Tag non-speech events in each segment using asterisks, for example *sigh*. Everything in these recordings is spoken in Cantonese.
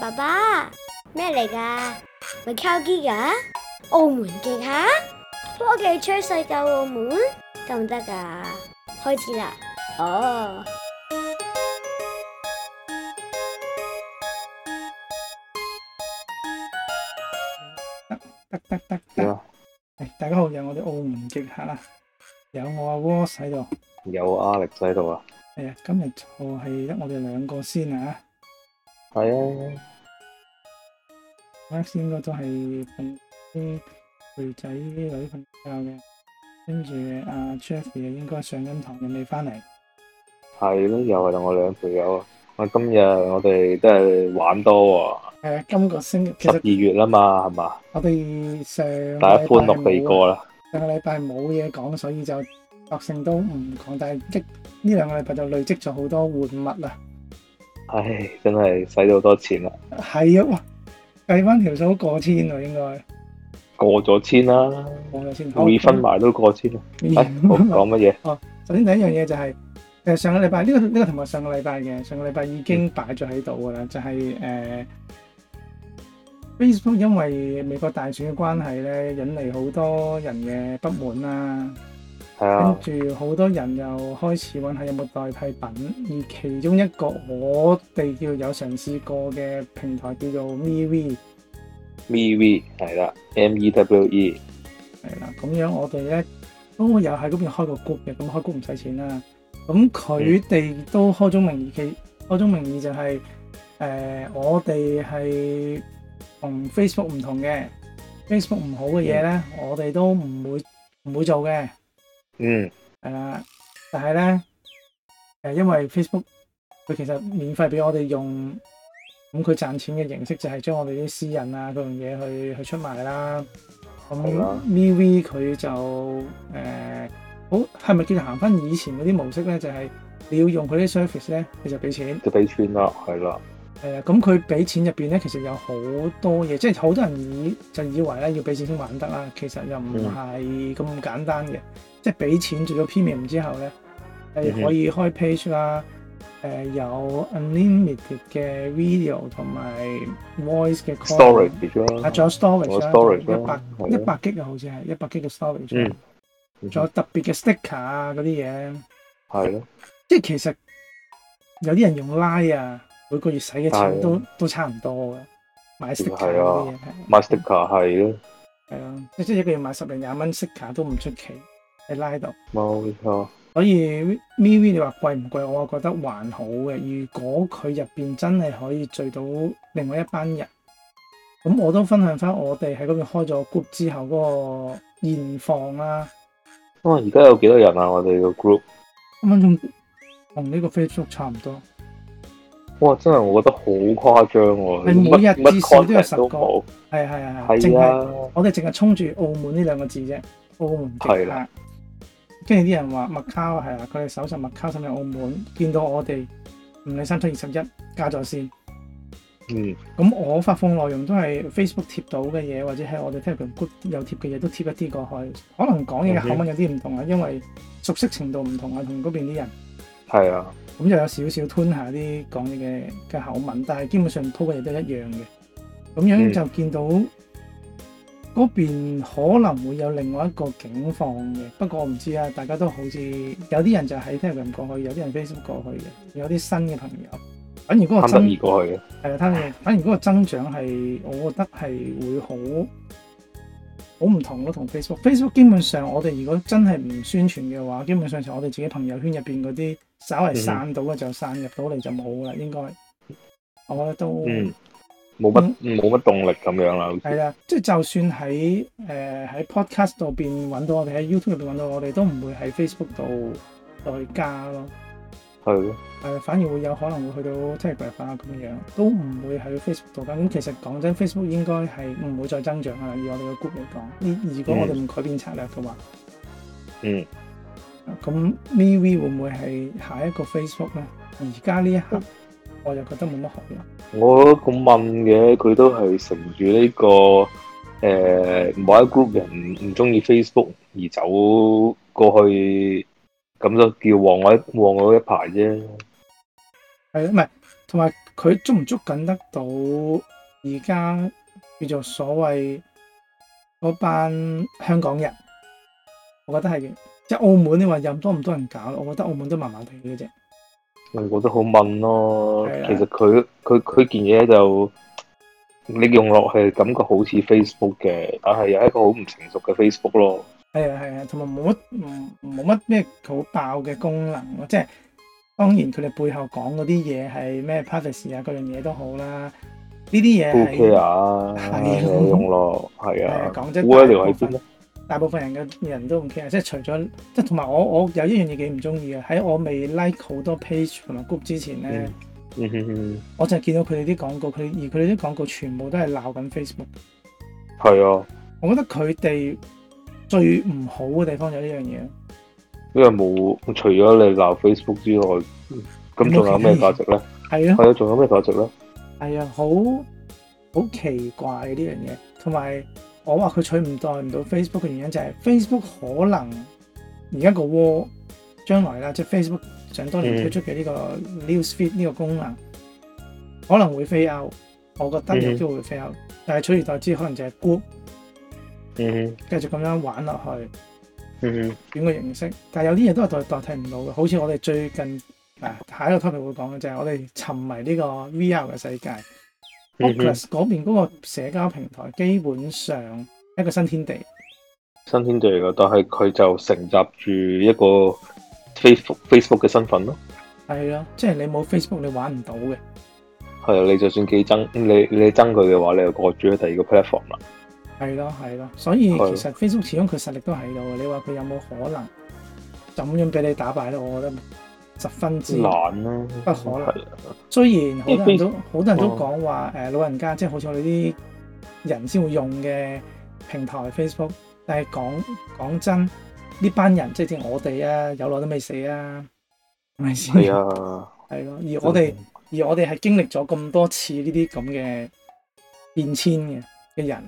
爸爸，咩嚟噶？咪科技噶，澳門極客科技吹水救澳門，得唔得噶？開始啦，哦，得得得得，大家好，有我哋澳門極客啦，有我阿哥喺度，有阿力在度啊，係啊，今日做係得我哋兩個先啊。係啊，應該都係同啲妹仔啲女瞓覺嘅，跟住阿 Jeffy 應該上緊堂，又未翻嚟。係咯，又係同我兩條友啊！我今日我哋都係玩多。誒，今個星期十二月啊嘛，係嘛？我哋上，大家歡度肥過啦。上個禮拜冇嘢講，所以就索性都唔講。但係積呢兩個禮拜就累積咗好多玩物啦。唉，真係使咗好多錢啦！係啊，計翻條數過千啊，應該過咗千啦，過咗千了，匯翻埋都過千啦。Okay. 哎，冇講乜嘢。哦，首先第一樣嘢就係，誒，上個禮拜呢個呢個同學上個禮拜嘅上個禮拜已經擺咗喺度噶啦，就係，誒，Facebook 因為美國大選嘅關係咧，引嚟好多人嘅不滿啦。跟住好多人又開始揾下有冇代替品，而其中一個我哋叫有嘗試過嘅平台叫做 MeWe，MeWe 係啦，M-E-W-E 係啦。咁樣我哋咧，都、哦、又喺嗰邊開個 group 嘅，咁開 group 唔使錢啦。咁佢哋都開宗明義嘅、嗯，開宗明義就係、是、誒、呃，我哋係同 Facebook 唔同嘅。Facebook 唔好嘅嘢咧，我哋都唔會唔會做嘅。嗯，係、uh，啦，但係咧，誒，因為 Facebook 佢其實免費俾我哋用，咁佢賺錢嘅形式就係將我哋啲私人啊嗰樣嘢去去出賣啦。咁 MeWe 佢就誒，好係咪叫行翻以前嗰啲模式咧？就係、是、你要用佢啲 service 咧，佢就俾錢，就俾錢啦，係啦。係啊，咁佢俾錢入邊咧，其實有好多嘢，即係好多人以就以為咧要俾錢先玩得啦，其實又唔係咁簡單嘅。嗯即係俾錢做咗 premium 之後咧，係可以開 page 啦，誒有 unlimited 嘅 video 同埋 voice 嘅 call 啊，係仲有 storage，一百一百 G 啊，好似係一百 G 嘅 storage，嗯，仲有特別嘅 sticker 啊嗰啲嘢，係咯，即係其實有啲人用 line 啊，每個月使嘅錢都都差唔多嘅，買 sticker 嗰啲嘢，買 sticker 係咯，係啊，即係一個月買十零廿蚊 sticker 都唔出奇。係拉到，冇錯。所以 MV 你話貴唔貴，我啊覺得還好嘅。如果佢入邊真係可以聚到另外一班人，咁我都分享翻我哋喺嗰邊開咗 group 之後嗰個現況啦、啊。哇！而家有幾多人啊？我哋個 group？咁仲同呢個 Facebook 差唔多。哇！真係我覺得好誇張喎。你每日至少都有十個。係係係係。淨係我哋淨係沖住澳門呢兩個字啫。澳門係啦。跟住啲人話麥卡係啊，佢哋搜尋麥卡，深入澳門，見到我哋唔理三七二十一加咗先。嗯，咁我發放內容都係 Facebook 貼到嘅嘢，或者係我哋 Telegram 有貼嘅嘢都貼一啲過去。可能講嘢嘅口吻有啲唔同啊、嗯，因為熟悉程度唔同啊，同嗰邊啲人。係、嗯、啊，咁就有少少吞下啲講嘢嘅嘅口吻，但係基本上鋪嘅嘢都係一樣嘅。咁樣就見到、嗯。嗰邊可能會有另外一個境況嘅，不過我唔知啊。大家都好似有啲人就喺 Telegram 過去，有啲人 Facebook 過去嘅，有啲新嘅朋友。反而嗰個，個增長，係啊，反而嗰個增長係，我覺得係會好好唔同咯，同 Facebook。Facebook 基本上，我哋如果真係唔宣傳嘅話，基本上就我哋自己朋友圈入邊嗰啲稍為散到嘅就散入到嚟就冇啦、嗯，應該我覺得都。嗯冇乜冇乜動力咁樣啦，係啦，即係就算喺誒喺 Podcast 度邊揾到我哋喺 YouTube 入邊揾到我哋都唔會喺 Facebook 度去加咯，係咯，誒、呃、反而會有可能會去到 Telegram 啊咁樣，都唔會喺 Facebook 度加。咁其實講真，Facebook 應該係唔會再增長啦，以我哋嘅 group 嚟講。呢如果我哋唔改變策略嘅話，嗯，咁 MeWe 會唔會係下一個 Facebook 咧？而家呢一刻。嗯我就覺得冇乜好咯。我咁問嘅，佢都係乘住呢、這個誒、呃、某一 group 人唔唔中意 Facebook 而走過去，咁就叫旺我一旺我一排啫。係咯，唔係，同埋佢捉唔捉緊得到而家叫做所謂嗰班香港人，我覺得係，即係澳門你話任多唔多人搞，我覺得澳門都麻麻地嘅啫。我覺得好悶咯，其實佢佢佢件嘢就你用落去感覺好似 Facebook 嘅，但係有一個好唔成熟嘅 Facebook 咯。係啊，係啊，同埋冇乜唔冇乜咩好爆嘅功能咯，即係當然佢哋背後講嗰啲嘢係咩 privacy 啊嗰樣嘢都好啦，呢啲嘢 OK 啊，係冇用咯，係啊，講真。 *laughs* 大部分人嘅人都唔 care 啊，即係除咗即係同埋我我有一樣嘢幾唔中意嘅，喺我未 like 好多 page 同埋 group 之前咧、嗯，我就係見到佢哋啲廣告，佢而佢哋啲廣告全部都係鬧緊 Facebook。係啊，我覺得佢哋最唔好嘅地方有呢樣嘢，因為冇除咗你鬧 Facebook 之外，咁仲有咩價值咧？係咯、啊，係咯、啊，仲有咩價值咧？係啊，好好奇怪呢樣嘢，同埋。我話佢取唔代唔到 Facebook 嘅原因就係、是、Facebook 可能而家個窩將來啦，即、就、係、是、Facebook 想當年推出嘅呢個 news feed 呢個功能、mm -hmm. 可能會 fail，我覺得有機會 fail，、mm -hmm. 但係取而代之可能就係 group，嗯，繼續咁樣玩落去，嗯嗯，變個形式，但係有啲嘢都係代代替唔到嘅，好似我哋最近啊下一個 topic 會講嘅就係、是、我哋沉迷呢個 VR 嘅世界。Oculus 嗰邊嗰個社交平台基本上一個新天地，新天地嚟嘅，但係佢就承襲住一個 Facebook Facebook 嘅身份咯。係咯，即係你冇 Facebook 你玩唔到嘅。係啊，你就算幾憎，你你憎佢嘅話，你就過住第二個 platform 啦。係咯係咯，所以其實 Facebook 始終佢實力都喺度嘅。你話佢有冇可能咁樣俾你打敗到咧？十分之難啦，不可能。雖然好多人都好多人都講話誒老人家人人，即係好似我哋啲人先會用嘅平台 Facebook，但係講講真，呢班人即係我哋啊，有耐都未死啊，係咪先？係、啊、 *laughs* 咯。而我哋而我哋係經歷咗咁多次呢啲咁嘅變遷嘅嘅人，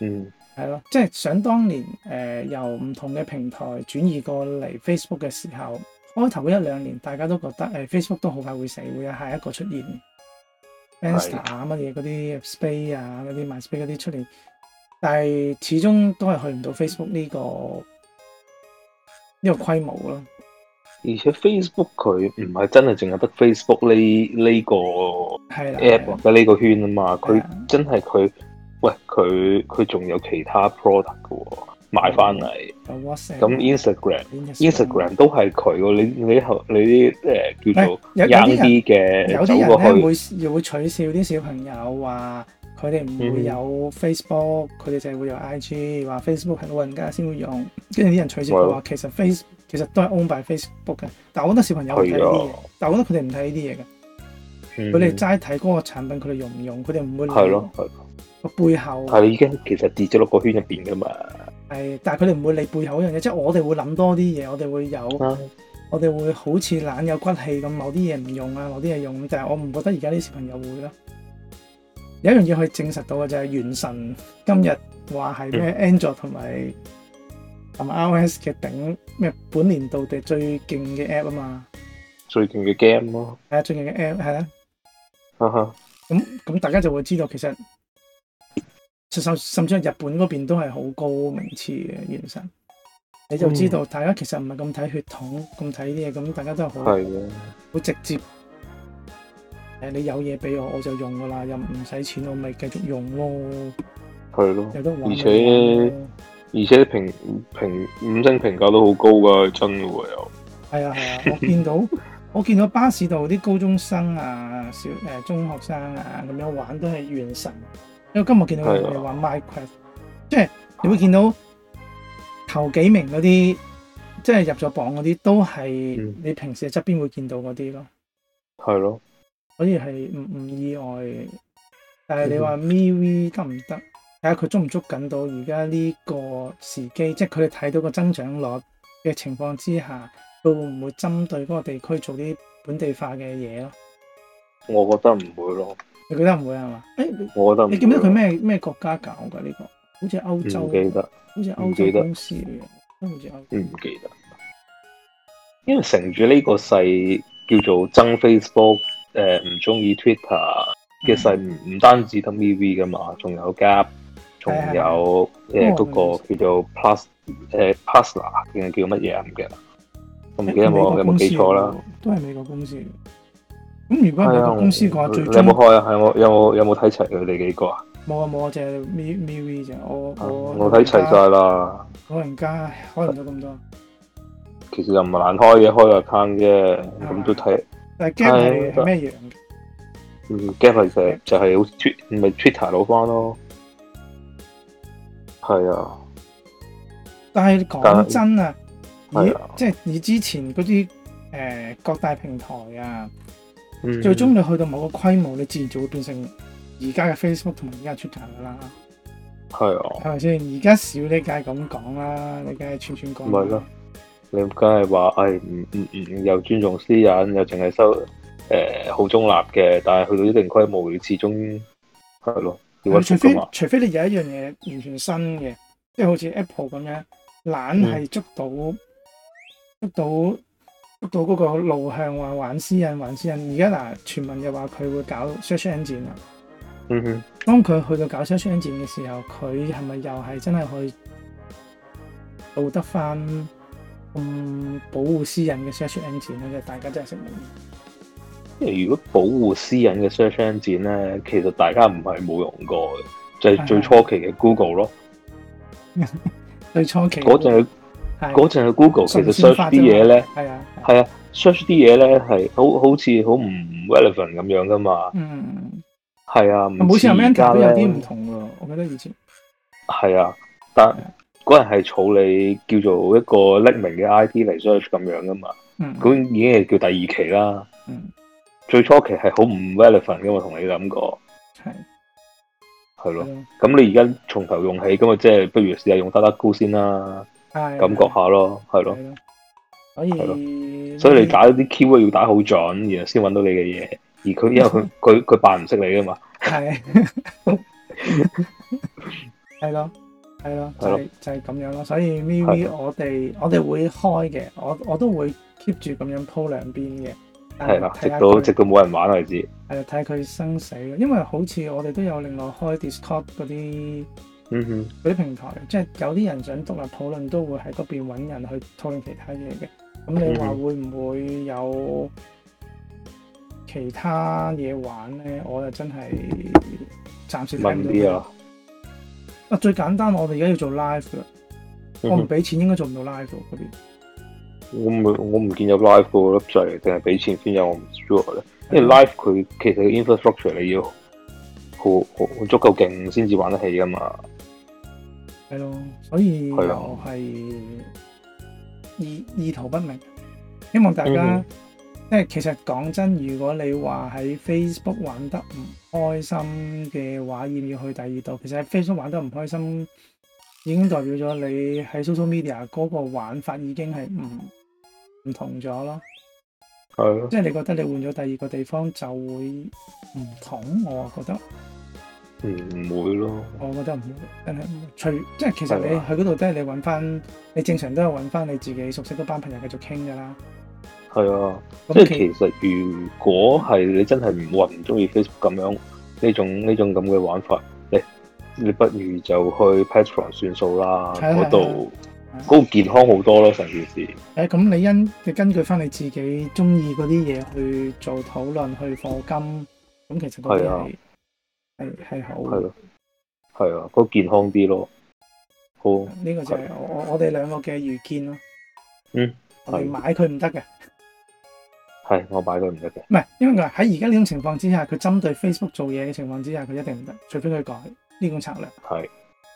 嗯，係咯。即係想當年誒、呃、由唔同嘅平台轉移過嚟 Facebook 嘅時候。開頭一兩年，大家都覺得誒，Facebook 都好快會死，會有下一個出現，Insta 乜嘢嗰啲 Space 啊，嗰啲 MySpace 嗰啲出嚟，但係始終都係去唔到 Facebook 呢個呢個規模咯。而且 Facebook 佢唔係真係淨係得 Facebook 呢呢個 app 或者呢個圈啊嘛，佢真係佢喂佢佢仲有其他 product 嘅、哦。買翻嚟咁，Instagram Instagram, Instagram 都係佢喎。你你後你啲誒、呃、叫做 young 啲嘅走過開，會又會取笑啲小朋友話佢哋唔會有 Facebook，佢哋淨係會有 I G，話 Facebook 係老人家先會用，跟住啲人取笑佢話其實 Face 其實都係 owned by Facebook 嘅。但我覺得小朋友唔睇呢個，但我覺得佢哋唔睇呢啲嘢嘅。佢哋齋睇嗰個產品，佢哋用唔用，佢哋唔會用係咯，係個背後你已經其實跌咗六個圈入邊噶嘛。係，但係佢哋唔會理背後一樣嘢，即係我哋會諗多啲嘢，我哋會有，嗯、我哋會好似懶有骨氣咁，某啲嘢唔用啊，某啲嘢用，但係我唔覺得而家啲小朋友會咯。有一樣嘢可以證實到嘅就係，原神今日話係咩 Android 同埋同埋 iOS 嘅頂咩本年度嘅最勁嘅 app 啊嘛，最勁嘅 game 咯，係啊，最勁嘅 app 係咧，咁咁大家就會知道其實。甚至係日本嗰邊都係好高名次嘅原神，你就知道大家其實唔係咁睇血統，咁睇啲嘢，咁大家都係好係嘅，好直接。誒，你有嘢俾我，我就用噶啦，又唔使錢，我咪繼續用咯。係咯，有得玩。而且而且評評五星評價都好高噶，真噶喎又。係啊係啊，我見到 *laughs* 我見到巴士度啲高中生啊，小誒、呃、中學生啊咁樣玩都係原神、啊。因為今天我今日見到你話 Minecraft 即係、就是、你會見到頭幾名嗰啲，即、就、係、是、入咗榜嗰啲都係你平時喺側邊會見到嗰啲咯。係咯，所以係唔唔意外。但係你話 MeWe 得唔得？睇下佢捉唔捉緊到而家呢個時機，即係佢哋睇到個增長率嘅情況之下，佢會唔會針對嗰個地區做啲本地化嘅嘢咯？我覺得唔會咯。你覺得唔會係嘛？誒、欸，我覺得唔會。你記唔記得佢咩咩國家搞噶呢、這個？好似歐洲。記得，記得。好似歐洲公司嘅，都好似歐。唔記得。因為乘住呢個勢，叫做憎 Facebook，誒唔中意 Twitter 嘅勢，唔、嗯、唔單止得 MV 噶嘛，仲有 Gab，仲有誒嗰個叫做 Plus，誒 Plus 哪、呃，定係、啊啊、叫乜嘢唔記得。我、欸、唔記得我有冇記錯啦？都係美國公司。有咁如果喺公司嘅話，哎、最你有冇開啊？係我有冇有冇睇齊佢哋幾個啊？冇啊冇啊，淨係 Miu m i 就我、嗯、我睇齊晒啦。老人家可能到咁多，其實又唔係難開嘅，開個 account 啫，咁、哎、都睇。但係驚係咩樣？唔驚係就係好係好 Twitter 啊，攞翻咯。係啊，但係講、哎、真啊，以、哎、即係以之前嗰啲誒各大平台啊。最終你去到某個規模，你自然就會變成而家嘅 Facebook 同埋而家嘅 Twitter 啦。係啊，係咪先？而家少你梗係咁講啦，你梗係串串講。唔係咯，你梗係話，誒，唔唔唔，又尊重私隱，又淨係收誒好、呃、中立嘅，但係去到一定規模，你始終係咯，除非除非你有一樣嘢完全新嘅，即係好似 Apple 咁樣，懶係捉到捉到。嗯捉到到嗰個路向話玩私隱，玩私隱。而家嗱，傳聞又話佢會搞 search engine 啊。嗯哼。當佢去到搞 search engine 嘅時候，佢係咪又係真係去做得翻咁，嗯、保護私隱嘅 search engine 咧？即大家真係識明。因為如果保護私隱嘅 search engine 咧，其實大家唔係冇用過嘅，就係、是、最初期嘅 Google 咯。 *laughs* 最初期的，嗰陣。嗰陣去 Google、嗯、其實 search 啲嘢咧，係啊，係啊，search 啲嘢咧係好好似好唔 relevant 咁樣噶嘛。嗯，係啊，每次嘅有啲唔同噶，我覺得以前係啊，但嗰、啊、人係草理叫做一個匿名嘅 ID 嚟 search 咁樣噶嘛。嗯，咁已經係叫第二期啦、嗯。最初期係好唔 relevant 噶嘛，我同你諗過，覺係係咯。咁、啊啊啊、你而家從頭用起，咁啊，即係不如試下用得得 goo 先啦。感覺下咯，係咯，所以所以你打啲 key word 要打好準，然後先揾到你嘅嘢。而佢因為佢佢佢扮唔識你噶嘛，係係咯係咯，就係、就係、係、咁樣咯。所以 v i v 我哋我哋會開嘅，我我都會 keep 住咁樣鋪兩邊嘅。係啦，直到直到冇人玩為止。係睇佢生死咯，因為好似我哋都有另外開 Discord 嗰啲。嗯哼，嗰啲平台，即係有啲人想獨立討論，都會喺嗰邊搵人去討論其他嘢嘅。咁你話會唔會有其他嘢玩咧？我又真係暫時諗唔到。慢啲啊！啊，最簡單，我哋而家要做 live 啦。我唔俾錢，mm -hmm。應該做唔到 live 嗰邊。我唔，我唔見有 live 個粒掣，定係俾錢先有？我唔知喎。因為 live 佢其實個 infrastructure 你要好好，好足夠勁先至玩得起噶嘛。係咯，所以我係意、係、意，意圖不明。希望大家，即係，mm-hmm，其實講真，如果你話喺 Facebook 玩得唔開心嘅話，要唔要去第二度？其實喺 Facebook 玩得唔開心，已經代表咗你喺 social media 嗰個玩法已經係唔唔同咗咯。係咯，即係，就係，你覺得你換咗第二個地方就會唔同，我啊覺得。唔會咯，我覺得唔會，真係除，即係其實你去嗰度，都係你揾翻，你正常都係揾翻你自己熟悉嗰班朋友繼續傾噶啦。係啊，即係其實如果係你真係唔會話唔中意 Facebook 咁樣呢種呢種咁嘅玩法，你你不如就去 Patreon 算數啦，嗰度高健康好多咯，成件事。誒、啊，咁你，你根據翻你自己中意嗰啲嘢去做討論去課金，咁其實都係啊。係係好係咯，係啊，健康啲咯，好呢、呢個就係我我哋兩個嘅預見咯。嗯，我哋買佢唔得嘅，係我買佢唔得嘅。唔係，因為佢喺而家呢種情況之下，佢針對 Facebook 做嘢嘅情況之下，佢一定唔得，除非佢改呢種策略。係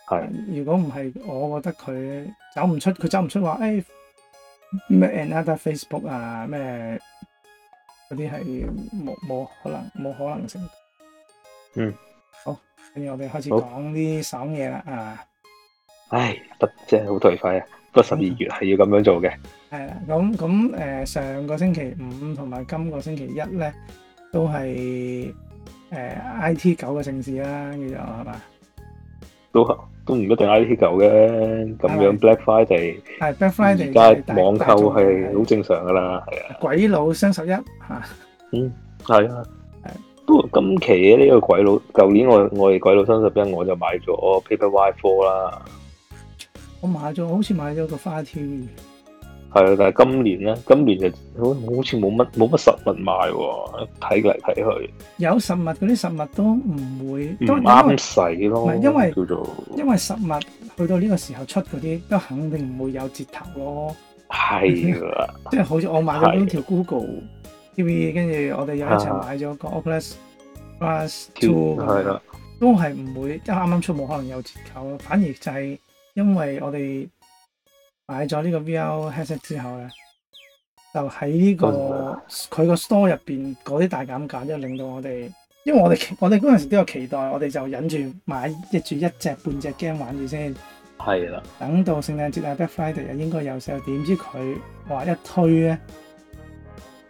係，如果唔係，我覺得佢走唔出，佢走唔出話，誒、哎、咩 another Facebook 啊咩嗰啲係冇冇可能冇可能性。嗯。跟住我哋開始講啲爽嘢啦啊！唉，得即係好頹廢啊！不過十二月係要咁樣做嘅。係啦，咁咁誒，上個星期五同埋今個星期一咧，都係誒 I T 九嘅盛事啦，叫做係嘛？都都唔一定 I T 九嘅，咁樣 Black Friday 係 Black Friday，但係網購係好正常噶啦，係啊。鬼佬雙十一吓，嗯係啊。不過今期嘅、啊、呢、這個鬼佬，舊年我我哋鬼佬雙十一我就買咗 Paper Y Four 啦。我買咗，我好似買咗個快貼。係啊，但係今年咧，今年就好好似冇乜冇乜實物賣喎，睇嚟，睇去。有實物嗰啲實物都唔會用用都啱使咯，唔係因為叫做因為實物去到呢個時候出嗰啲都肯定唔會有折頭咯。係啊，即、嗯、係、就係、好似我買咗呢條 Google。TV，跟住我哋又一齊買咗個 Oculus，Plus Two、啊、咁樣，都係唔會，即啱啱出冇可能有折扣咯。反而就係因為我哋買咗呢個 VR headset 之後咧，就喺呢、這個佢個 store 入邊嗰啲大減價，即係令到我哋，因為我哋我哋嗰陣時都有期待，我哋就忍住買住一隻半隻 game 玩住先。係啦，等到聖誕節啊、Black Friday 又應該有，候點知佢話一推咧？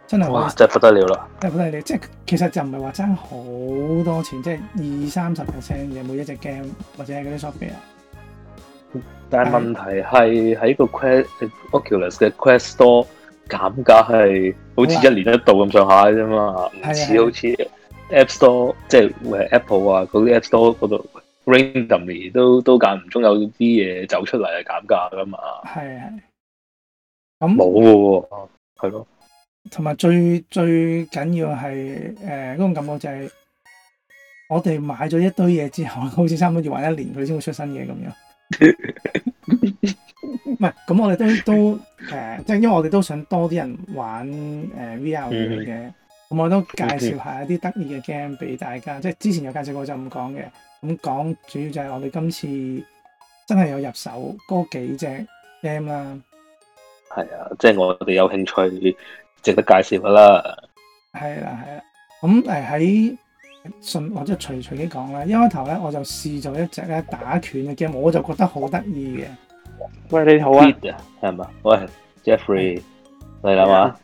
真係哇！真係不得了啦！真係不得了，即係其實就唔係話爭好多錢，即係二三十 percent 有冇一隻 game 或者係嗰啲 software，但係問題係喺個 Quest Oculus 嘅 Quest Store 減價係好似一年一度咁上下啫嘛，唔似好似、啊、App, App, App Store 即係 Apple 啊嗰啲 App Store 嗰度 randomly 都都間唔中有啲嘢，走出嚟啊減價噶嘛。係啊。咁冇嘅喎，係咯。同埋最最緊要係誒嗰種感覺就係我哋買咗一堆嘢之後，好似差唔多要玩一年佢先會出新嘢。咁樣。唔 *laughs* 係，咁我哋都都誒，即、呃、係因為我哋都想多啲人玩誒、呃、VR 嘅嘢，咁、mm -hmm. 我都介紹下一啲得意嘅 game 俾大家。即、mm、係 -hmm. 之前有介紹過就咁講嘅，咁講主要就係我哋今次真係有入手嗰幾隻 game 啦。係啊，即、就、係、係、我哋有興趣，值得介紹噶啦，係啦係啦，咁誒喺順，或者係隨隨啲講咧。一開頭咧，我就試咗一隻咧打拳嘅 game，我就覺得好得意嘅。喂你好啊，係嘛？喂 Jeffrey 嚟啦嘛？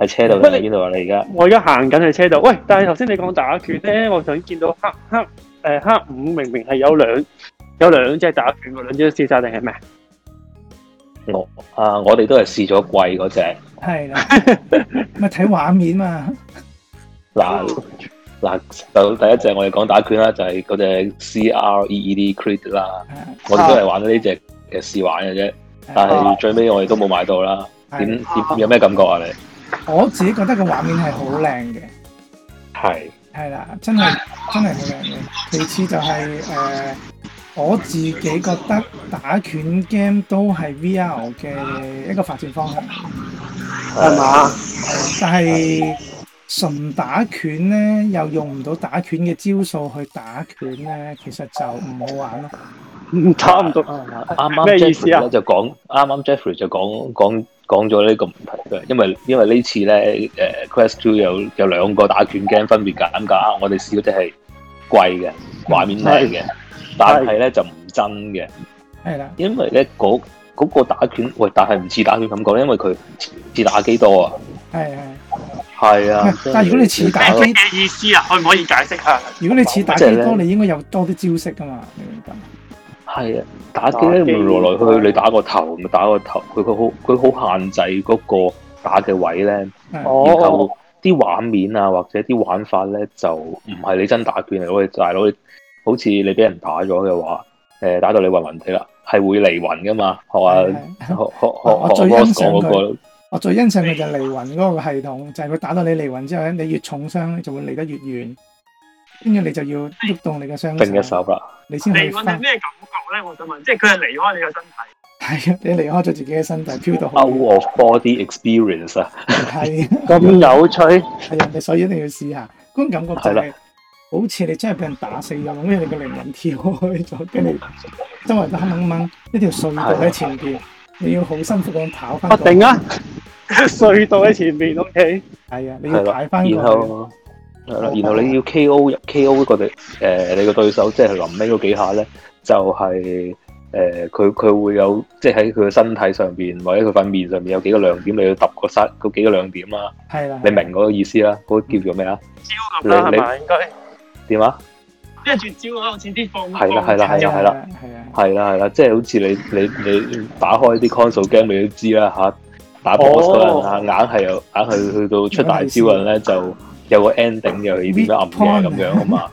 喺車度定邊度啊？你而家？我而家行緊喺車度。喂，但係頭先你講打拳咧，我頭先見到黑黑誒黑五明明係有兩有兩隻打拳兩隻都試晒定係我啊，我哋都係試咗貴嗰隻，係啦，咪睇畫面嘛。嗱、啊、嗱，到、啊、第一隻我哋講打拳啦，就係、是、嗰隻 C R E E D Creed 啦，我哋都係玩咗呢隻嘅試玩嘅啫，但係最尾我哋都冇買到啦。點點有咩感覺啊你？你我自己覺得個畫面係好靚嘅，係係啦，真係真係好靚嘅。其次就係、是、誒。呃我自己覺得打拳 game 都係 VR 嘅一個發展方向，係嘛？但係純打拳咧，又用唔到打拳嘅招數去打拳咧，其實就唔好玩咯。差唔多，啱啱 Jeffrey 就講，啱啱、啊、Jeffrey 就講講講咗呢個問題。因為因為次呢次咧，誒、呃、Quest 2有有兩個打拳 game 分別揀㗎，我哋試嗰隻係貴嘅畫面靚嘅。但係咧就唔真嘅，係啦，因為咧嗰嗰個打拳喂，但係唔似打拳咁講，因為佢似打機多啊，係係係啊！但係如果你似打機嘅意思啊，可唔可以解釋下啊？如果你似打機多，你應該有多啲招式噶嘛？你明白？係啊，打機咧，咪來來去去你打個頭，咪打個頭，佢佢好佢好限制嗰個打嘅位咧，然後啲畫面啊或者啲玩法咧就唔係你真打拳嚟，我哋大佬。好似你俾人打咗嘅話，誒，打到你暈暈地啦，係會離魂噶嘛？學阿、啊、學學我學哥講嗰個，我最欣賞嘅就係離魂嗰個系統，就係、是、佢打到你離魂之後咧，你越重傷咧，你就會離得越遠，跟住你就要喐動你嘅雙手。離魂係咩感覺咧？我想問，即係佢係離開你嘅身體，係你離開咗自己嘅身體飄到。Out of body experience 啊，係 *laughs* 咁有趣，係人哋，所以一定要試下，嗰、那個、感覺真、就、係、是。好似你真係俾人打死咁，因為你個靈魂跳開咗，跟住周圍都黑掹掹，一條隧道喺前邊，你要好辛苦咁跑翻。我頂啊！ *laughs* 隧道喺前面 o K。係、okay? 啊，你要踩翻。然後係咯，然後你要 K O 入 K O 個對誒、呃，你個對手即係臨尾嗰幾下咧，就係、是、誒，佢、呃、佢會有即係喺佢個身體上邊或者佢塊面上邊有幾個亮點，你要揼個沙嗰幾個亮點啊。係啦，你明我個意思啦、啊，嗰、嗯、個叫做咩啊？超個花點啊！即係絕招啊！我啲知放係、啊啊、啦係啦係啦係啦係啊係啦係啦，啦，啦，啦，即、就、係、是、好似你你你打開啲 console game，你都知啦吓打 boss 嗰陣，啊，硬係又硬係去到出大招嗰陣咧，就有個 ending 又要點樣按嘅咁樣啊嘛！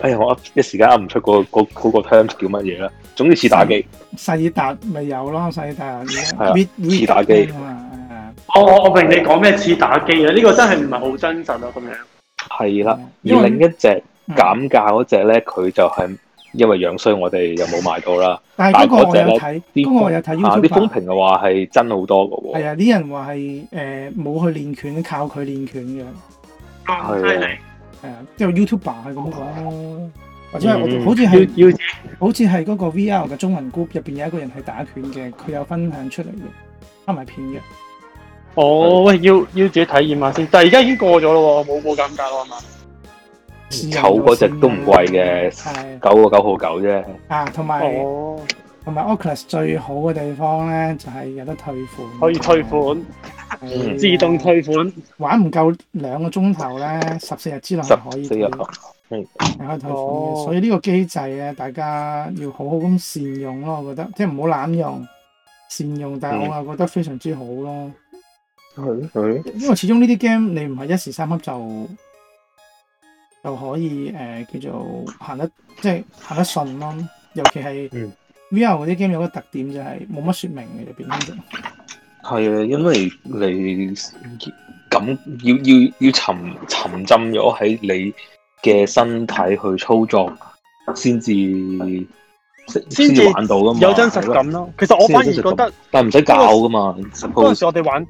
哎呀，我一時間噏唔出嗰、那個個 terms 叫乜嘢啦？總之似打機，細達咪有咯，細達似打機我我我明你講咩似打機啊？呢、啊哦啊這個真係唔係好真實咯、啊，咁樣。係啦，而另一隻減價嗰隻咧，佢、嗯、就係因為樣衰，我哋又冇買到啦。但係嗰個我有睇，嗰個、我有睇 YouTube。啊、啲、嗰個、風評嘅話係真好多嘅喎。係啊，啲人話係誒冇去練拳，靠佢練拳嘅，咁犀利。係啊，有 YouTube 係咁講，或者係我好似係要，嗯 YouTube？好似係嗰個 VR 嘅中文 group 入邊有一個人係打拳嘅，佢有分享出嚟嘅，好埋片嘅。哦，喂，要要自己體驗下先，但係而家已經過咗咯喎，冇冇尷尬咯，係嘛？舊嗰隻都唔貴嘅，九個九毫九啫。啊，同埋同埋 Oculus 最好嘅地方咧，就係、是、有得退款，可以退款，嗯啊、自動退款。玩唔夠兩個鐘頭咧，十四日之內就可以退款，可以退款。哦，所以呢個機制咧，大家要好好咁善用咯，我覺得，即係唔好濫用，善用，但係我又覺、嗯、覺得非常之好咯。係，係，因為始終呢啲 game 你唔係一時三刻就就可以誒叫做行得，即係行得順咯。尤其係 VR 嗰啲 game 有個特點就係冇乜說明嘅入邊。係啊，因為你咁要要要沉沉浸咗喺你嘅身體去操作，先至先至玩到噶嘛，有真實感咯。其實我反而覺得，但係唔使教噶嘛。嗰陣時我哋玩。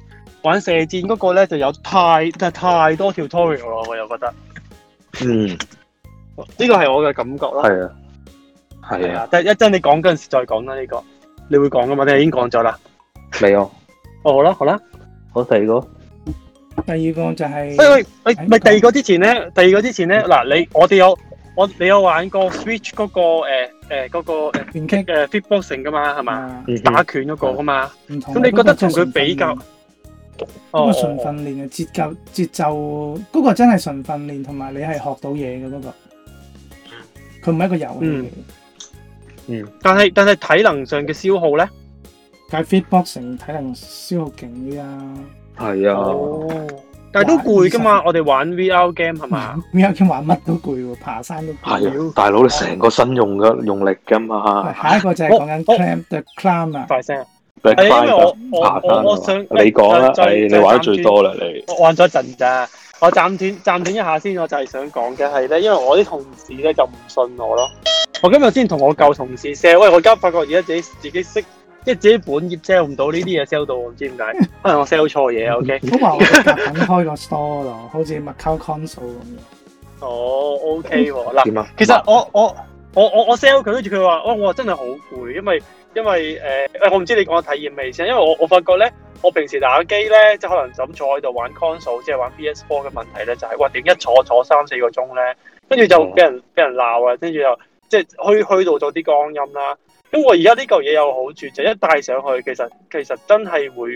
玩射箭嗰個咧就有太就太多 tutorial 啦，我又覺得，嗯，呢個係我嘅感覺啦，係啊，係啊，但係一陣你講嗰陣時再講啦，呢個你會講噶嘛？你已經講咗啦，未啊？哦，好啦，好啦，好第二個，第二個就係，誒誒，唔係第二個之前咧，第二個之前咧，嗱，你我哋有我你有玩過 Switch 嗰個誒誒嗰個誒拳擊誒 Fitboxing 噶嘛？係嘛？打拳嗰個噶嘛？唔同咁你覺得同佢比較？嗰個純訓練嘅節奏節奏，嗰個真係純訓練，同埋你係學到嘢嘅嗰個，佢唔係一個遊戲嚟嘅。嗯，但係但係體能上嘅消耗咧，但係 FitBox 成體能消耗勁啲啊，係啊，但係都攰噶嘛。我哋玩 VR game 係嘛，VR game 玩乜都攰，爬山都攰。係啊，大佬你成個身用嘅用力噶嘛。下一個就係講緊 climb the climb 啊，大聲。係因為我我我我想你講啦，你你玩得最多啦你。我玩咗一陣咋，我暫停暫停一下先，我就係想講嘅係咧，因為我啲同事咧就唔信我咯。我今日先同我舊同事 sell，喂，我而家發覺而家自己自己識，即係自己本業 sell 唔到呢啲嘢 sell 到，我唔知點解。可能我 sell 錯嘢，OK。唔好話我開個 store 咯，好似 Macau console 咁樣。哦，OK，嗱，其實我我我我我 sell 佢，跟住佢話，哦，我真係好攰，因為。因為誒誒、呃，我唔知你講我體驗未先，因為我我發覺咧，我平時打機咧，即係可能就咁坐喺度玩 console，即係玩 PS Four 嘅問題咧，就係、是、哇，點一坐坐三四個鐘咧，跟住就俾人俾、哦、人鬧啊，跟住又即係虛虛到咗啲光陰啦。不過而家呢嚿嘢有好處，就是、一帶上去，其實其實真係會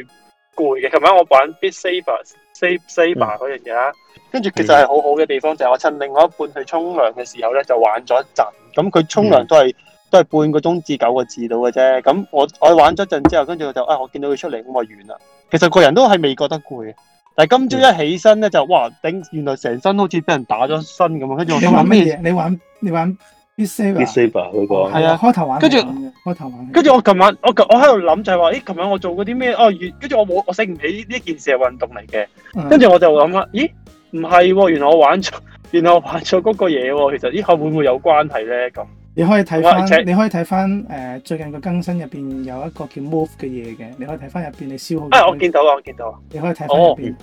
攰嘅。琴晚我玩 Beat Saber、s a Saber 嗰樣嘢啦，跟、嗯、住其實係好好嘅地方就係、是、我趁另外一半去沖涼嘅時候咧，就玩咗一陣。咁佢沖涼都係。嗯都係半個鐘至九個字到嘅啫，咁我我玩咗陣之後，跟住我就啊、哎，我見到佢出嚟，咁我完啦。其實個人都係未覺得攰，但係今朝一起身咧就哇頂，原來成身都好似俾人打咗身咁啊！跟住你玩咩嘢？你玩什麼你玩 Beat Saber，Beat Saber 嗰個係啊，開頭玩，跟住開頭玩，跟住我琴晚我我喺度諗就係、是、話，咦，琴晚我做嗰啲咩？哦、啊，跟住我冇我醒唔起呢件事係運動嚟嘅，跟住我就諗啦，咦，唔係喎，原來我玩錯，原來我玩錯嗰個嘢，其實依下會唔會有關係咧咁？你可以睇翻，你可以睇翻，誒，最近個更新入邊有一個叫 Move 嘅嘢嘅，你可以睇翻入邊你消耗。啊、嗯，我見到啊，我見到。你可以睇翻入邊。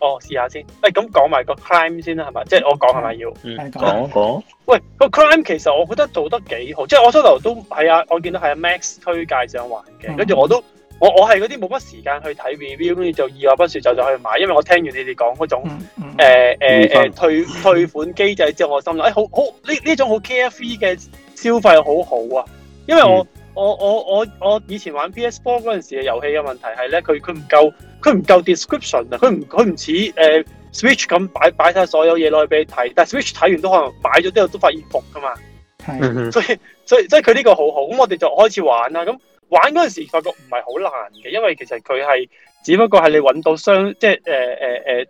哦，試下先。喂、哎，咁講埋個 Crime 先啦，係咪？即、就、係、是、我講係咪要？嗯，講講。喂，個 Crime 其實我覺得做得幾好，即、就、係、是、我初頭都係啊，我見到係 Max 推介上玩嘅，跟、嗯、住我都。我我係嗰啲冇乜時間去睇 BB，v 跟住就二話不說就就去買，因為我聽完你哋講嗰種誒誒誒退退款機制之後，我心諗誒、欸、好好呢呢種好 carefree 嘅消費好好啊！因為我、嗯、我我我我以前玩 P S four 嗰陣時嘅遊戲嘅問題係咧，佢佢唔夠佢唔夠 description 啊，佢唔佢唔似誒 Switch 咁擺擺晒所有嘢攞去俾你睇，但係 Switch 睇完都可能擺咗之後都發現服噶嘛，係、嗯，所以所以佢呢個好好，咁我哋就開始玩啦，咁。玩嗰陣時，發覺唔係好難嘅，因為其實佢係只不過係你揾到相，即係誒誒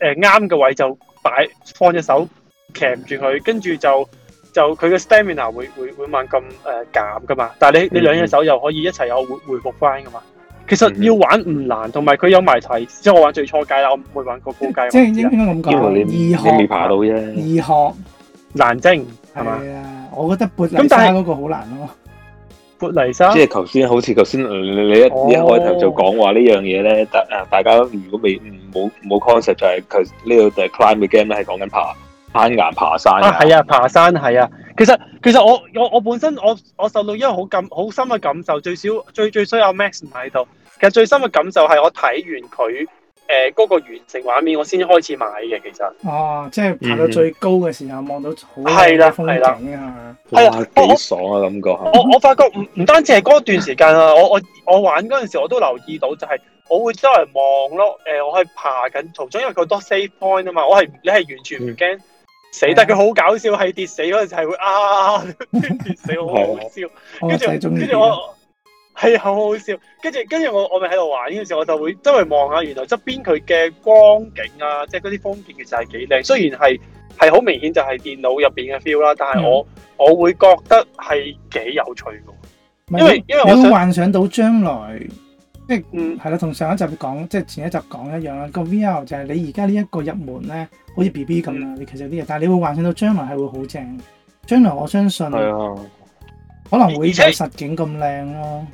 誒誒啱嘅位就擺放隻手騎住佢，跟住就就佢嘅 stamina 會會會慢咁誒減噶嘛。但係你你兩隻手又可以一齊有回回復翻噶嘛。其實要玩唔難，同埋佢有埋梯，即係我玩最初階啦，我未玩過高階。即係應該應該咁講，因為你易學你未爬到啫，易學難精係嘛？係啊，我覺得撥但卡嗰個好難咯，啊。即係頭先，好似頭先你一，你一開頭就講話呢樣嘢咧，大啊，大家如果未唔冇冇 concept 就係佢呢度就 climbing game 咧，係講緊爬攀岩，爬山啊，係啊，爬山係啊，其實其實我我我本身我我受到一個好感好深嘅感受，最少最最衰 Max 喺度，其實最深嘅感受係我睇完佢。誒、呃，嗰、那個完成畫面我先開始買嘅，其實啊、哦、即係爬到最高嘅時候望、嗯、到好靚嘅風景啊，係、哦、啊，好爽嘅感覺吓。我 *laughs* 我，我發覺唔唔單止係嗰段時間啊， *laughs* 我我我玩嗰陣時我都留意到，就係我會周圍望咯。誒、呃，我係爬緊途中，因為佢好多 save point 啊嘛，我係你係完全唔驚、嗯、死，但佢好搞笑，係 *laughs* 跌死嗰陣就係會啊 *laughs* 跌死我好，好好笑，哦、最我最中意。係好好笑，跟住跟住我我咪喺度玩嘅時候，我就會周圍望下，原來側邊佢嘅光景啊，即係嗰啲風景其實係幾靚。雖然係係好明顯就係電腦入邊嘅 feel 啦，但係我我會覺得係幾有趣嘅。因為因為我會幻想到將來，即係係啦，同上一集講，即係前一集講一樣啦。個 V R 就係你而家呢一個入門咧，好似 B B 咁啊，其實啲嘢。但係你會幻想到將來係會好正，將來我相信係啊，可能會有實景咁靚咯。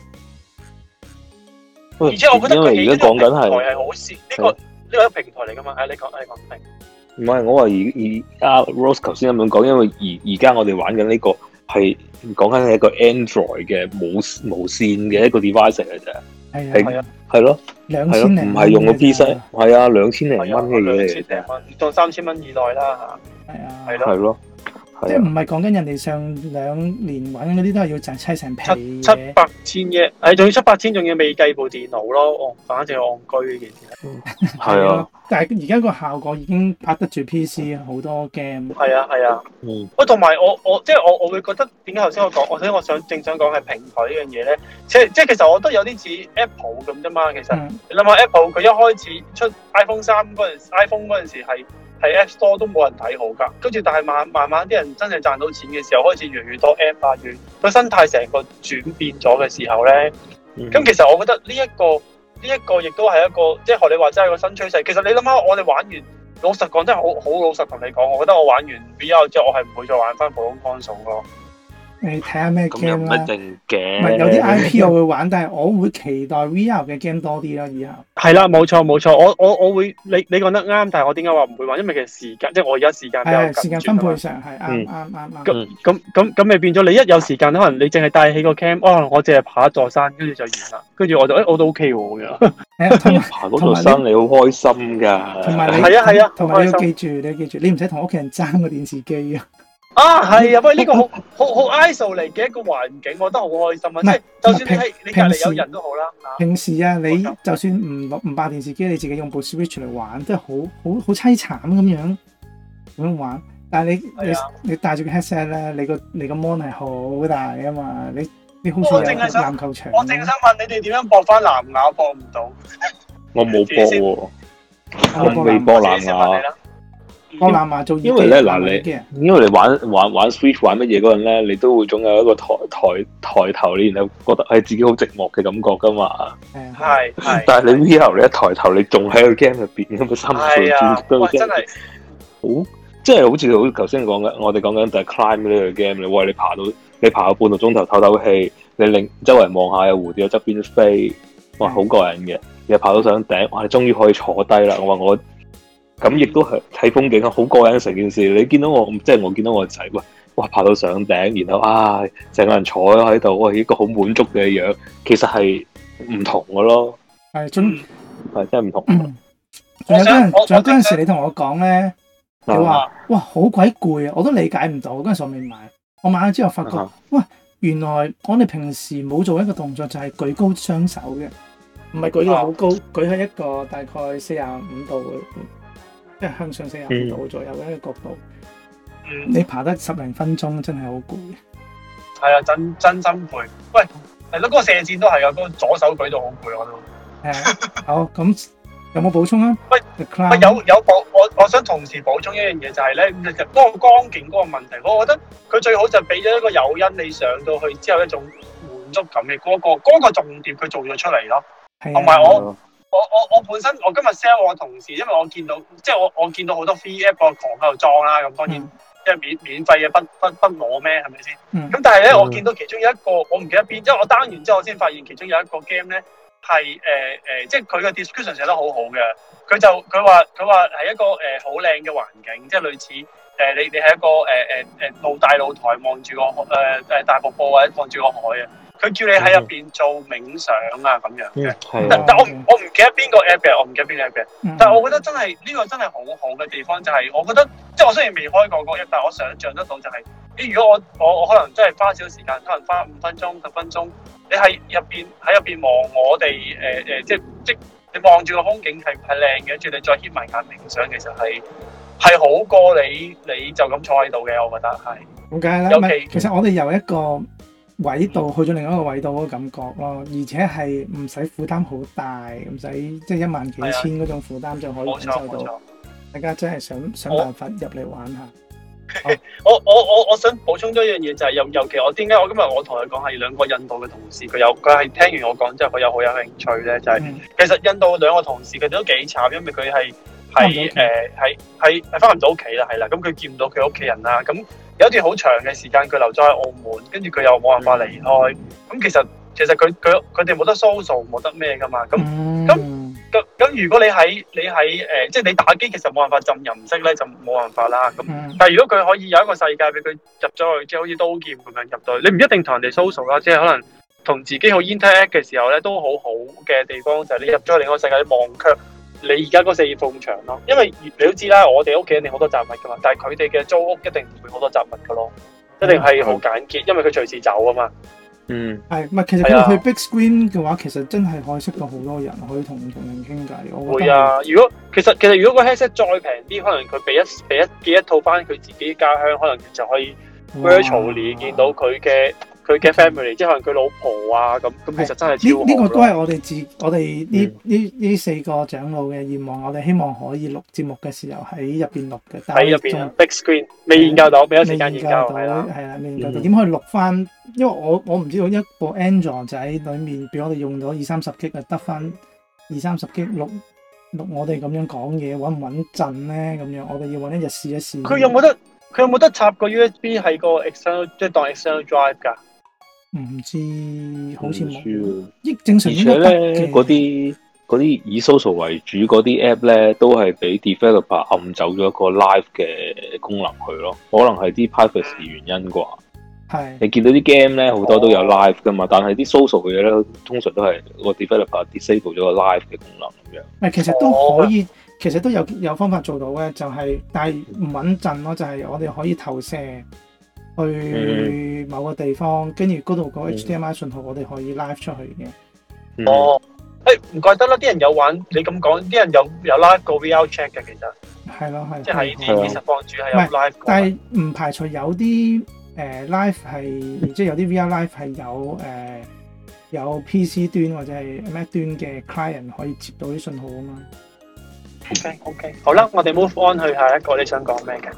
因為而家講緊係，係好呢個呢個平台嚟噶嘛？係你講，你講，唔係，我話而而阿 Rose 頭先咁樣講，因為而而家我哋玩緊呢個係講緊係一個 Android 嘅無無線嘅一個 device 嚟啫。係係啊，係咯，唔係用個 PC，係啊，兩千零蚊嘅嘢嚟。當三千蚊以內啦。係啊，係咯。即係唔係講緊人哋上兩年玩嗰啲都係要賺砌成皮七七八千億，誒，仲要七八千，仲要未計部電腦咯，哦，反正戇居嘅嘢，係、嗯、咯、啊啊，但係而家個效果已經拍得住 PC 好多 game，係啊係啊,啊，嗯，喂，同埋我、即係、我即係我我會覺得點解頭先我講，頭先我想正想講係平台呢樣嘢咧，即係即係其實我都有啲似 Apple 咁啫嘛，其實、嗯、你諗下 Apple 佢一開始出 iPhone3, 時 iPhone 三嗰陣，iPhone 嗰陣時係。喺 App Store 都冇人睇好㗎，跟住但係慢慢慢啲人真係賺到錢嘅時候，開始越嚟越多 App 發軟，個生態成個轉變咗嘅時候咧，咁、嗯、其實我覺得呢、呢個呢個、一個呢一個亦都係一個即係學你話齋一個新趨勢。其實你諗下，我哋玩完，老實講真係好好老實同你講，我覺得我玩完 VR 之後，我係唔會再玩翻普通 console 咯。你睇下咩 game 一定嘅？唔、嗯、係有啲 IP 我會玩，但係我會期待 VR 嘅 game 多啲咯。以後係啦，冇錯冇錯，我我我會你你講得啱，但係我點解話唔會玩？因為其實時間即係我而家時間比較緊張。時間分配上係啱啱啱啱。咁咁咁咁咪變咗你一有時間，可能你淨係帶起個 cam，哦，我淨係爬一座山，跟住就完啦。跟住我就誒我都 OK 喎，咁樣爬嗰條山，你好開心㗎，係啊係啊，同埋你要記住你要記住，你唔使同屋企人爭個電視機啊。啊，係啊，喂呢個好好好 isol 嚟嘅一個環境，我覺得好開心啊！即係就算係你隔籬有人都好啦。平時啊，你就算唔唔霸電視機，你自己用部 Switch 嚟玩，即係好好好淒慘咁樣咁樣玩。但係你你你戴住個 headset 咧，你個你個 mon 係好大啊嘛，你你空氣係夠唔夠？我淨想問你哋點樣播翻藍牙，播唔到？我冇播，我未播藍牙。因為咧嗱，你因，因，因為你玩玩玩 Switch 玩乜嘢嗰陣咧，你都會總有一個抬抬抬頭你，然後覺得係自己好寂寞嘅感覺噶嘛。係、嗯嗯嗯、但係你 V R、嗯嗯、你一抬頭你還在，你仲喺個 game 入邊咁樣心碎，哇、嗯哎！真係好，即係好似好頭先講嘅，我哋講緊就係 climb 呢個 game。你哇，你爬到你爬到半個鐘頭透透氣，你令周圍望下有蝴蝶喺側邊飛，哇，好過癮嘅。你爬到上頂，哇，你終於可以坐低啦。我話我。 *laughs* 咁亦都係睇風景啊，好過癮成件事。你見到我，即係我見到我個仔，喂，哇爬到上頂，然後啊，成個人坐喺度，嘩，一個好滿足嘅樣。其實係唔同嘅咯，係、嗯、真係唔同。仲、嗯、有嗰陣，仲有嗰陣時，你同我講咧，你、啊、話、就是、哇好鬼攰啊，我都理解唔到嗰陣時我未買，我買咗之後發覺，嘩、啊，原來我哋平時冇做一個動作就係舉高雙手嘅，唔係舉到好、嗯、高，舉喺一,一個大概四十五度嘅。即係向上升廿五度左右嘅一個角度，嗯，你爬得十零分鐘真係好攰，係啊，真真心攰。喂，係咯，嗰個射箭都係啊，嗰個左手舉到好攰，我都。好，咁有冇補充啊？喂，唔係有有補，我我想同時補充一樣嘢就係咧，其實嗰個光景嗰個問題，我覺得佢最好就俾咗一個誘因你上到去之後一種滿足感嘅嗰個嗰個重點，佢做咗出嚟咯，同埋我。我我我本身我今日 sell 我嘅同事，因為我見到即係我我見到好多 free 個狂喺度裝啦，咁當然即係免免費嘅不不不攞咩，係咪先？咁、嗯、但係咧、嗯，我見到其中有一個我唔記得邊，因為我 down 完之後我先發現其中有一個 game 咧係誒誒，即係佢嘅 description 寫得好好嘅，佢就佢話佢話係一個誒好靚嘅環境，即係類似誒、呃、你你係一個誒誒誒露大露台望住個誒誒、呃、大瀑布或者望住個海啊。佢叫你喺入邊做冥想啊，咁樣、嗯、但、嗯、但我我唔記得邊個 app 嘅，我唔記得邊個 app 嘅、嗯。但係我覺得真係呢、這個真係好好嘅地方、就是，就係我覺得即係我雖然未開過嗰、那、一、個，但我想像得到就係、是，誒、欸、如果我我我可能真係花少時間，可能花五分鐘、十分鐘，你喺入邊喺入邊望我哋誒誒，即係即你望住個風景係係靚嘅，跟住你再 hit 埋眼冥想，其實係係好過你你就咁坐喺度嘅，我覺得係。咁梗係啦。尤其其實我哋有一個。位度去咗另一個位度嗰個感覺咯，而且係唔使負擔好大，唔使即係一萬幾千嗰種負擔，就可以接受到。大家真係想想辦法入嚟玩一下。我、oh、我我我想補充多一樣嘢就係、是、尤其我點解我今日我同佢講係兩個印度嘅同事，佢有佢係聽完我講之後佢又好有興趣咧，就係、是嗯、其實印度兩個同事佢哋都幾慘，因為佢係。係誒，係係係返唔到屋企啦，係啦。咁佢見唔到佢屋企人啦。咁有一段好長嘅時間，佢留咗喺澳門，跟住佢又冇辦法離開。咁 *noise* 其實其實佢佢佢哋冇得 social 冇得咩㗎嘛。咁咁咁， *noise* 如果你喺你喺誒、呃，即係你打機，其實冇辦法浸唔識咧，就冇辦法啦。咁 *noise* 但係如果佢可以有一個世界俾佢入咗去，即係好似刀劍咁樣入到，你唔一定同人哋 social 啦，即係可能同自己好 interact 嘅時候咧，都很好好嘅地方就係、是、你入咗另一個世界望卻。你你而家嗰四畝場咯，因為你都知啦，我哋屋企肯定好多雜物噶嘛，但係佢哋嘅租屋一定唔會好多雜物噶咯，一定係好簡潔，嗯、因為佢隨時走啊嘛。嗯，係，唔其實去 Big Screen 嘅話，其實真係可以識到好多人，可以同同人傾偈。我會啊，如果其實其實如果個 headset 再平啲，可能佢俾一俾一寄一,一,一套翻佢自己家鄉，可能佢就可以 virtual 見到佢嘅。佢嘅 family，即係可能佢老婆啊，咁、嗯、咁其實真係呢呢個都係我哋自我哋呢呢呢四個長老嘅願望，我哋希望可以錄節目嘅時候喺入邊錄嘅，但係入邊仲 big screen 未研究到，未、嗯、研,研究到，係啊，未研究到點、嗯、可以錄翻？因為我我唔知道一部 Android 仔裏面，畀我哋用咗二三十 G，得翻二三十 G 錄錄我哋咁樣講嘢，穩唔穩陣咧？咁樣我哋要揾一日試一試的。佢有冇得佢有冇得插個 USB 喺個 Excel 即係當 Excel Drive 㗎？唔知好似冇，而且咧嗰啲嗰啲以 social 為主嗰啲 app 咧，都係俾 developer 暗走咗一個 live 嘅功能去咯，可能係啲 privacy 原因啩。係你見到啲 game 咧，好多都有 live 噶嘛，哦、但係啲 social 嘅嘢咧，通常都係個 developer disable 咗個 live 嘅功能咁樣。係，其實都可以，哦、其實都有有方法做到嘅，就係、是、但係唔穩陣咯，就係、是、我哋可以投射。去某個地方，跟住嗰度個 HDMI 信號，我哋可以 live 出去嘅。哦，哎，唔怪得啦，啲人有玩。你咁講，啲人有有拉個 VR check 嘅，其實係咯係，即係其實房主係有 live。但係唔排除有啲誒、呃、live 係，即、就、係、是、有啲 VR live 係有誒、呃、有 PC 端或者係 Mac 端嘅 client 可以接到啲信號啊嘛。OK OK，好啦，我哋 move on 去下一個，你想講咩嘅？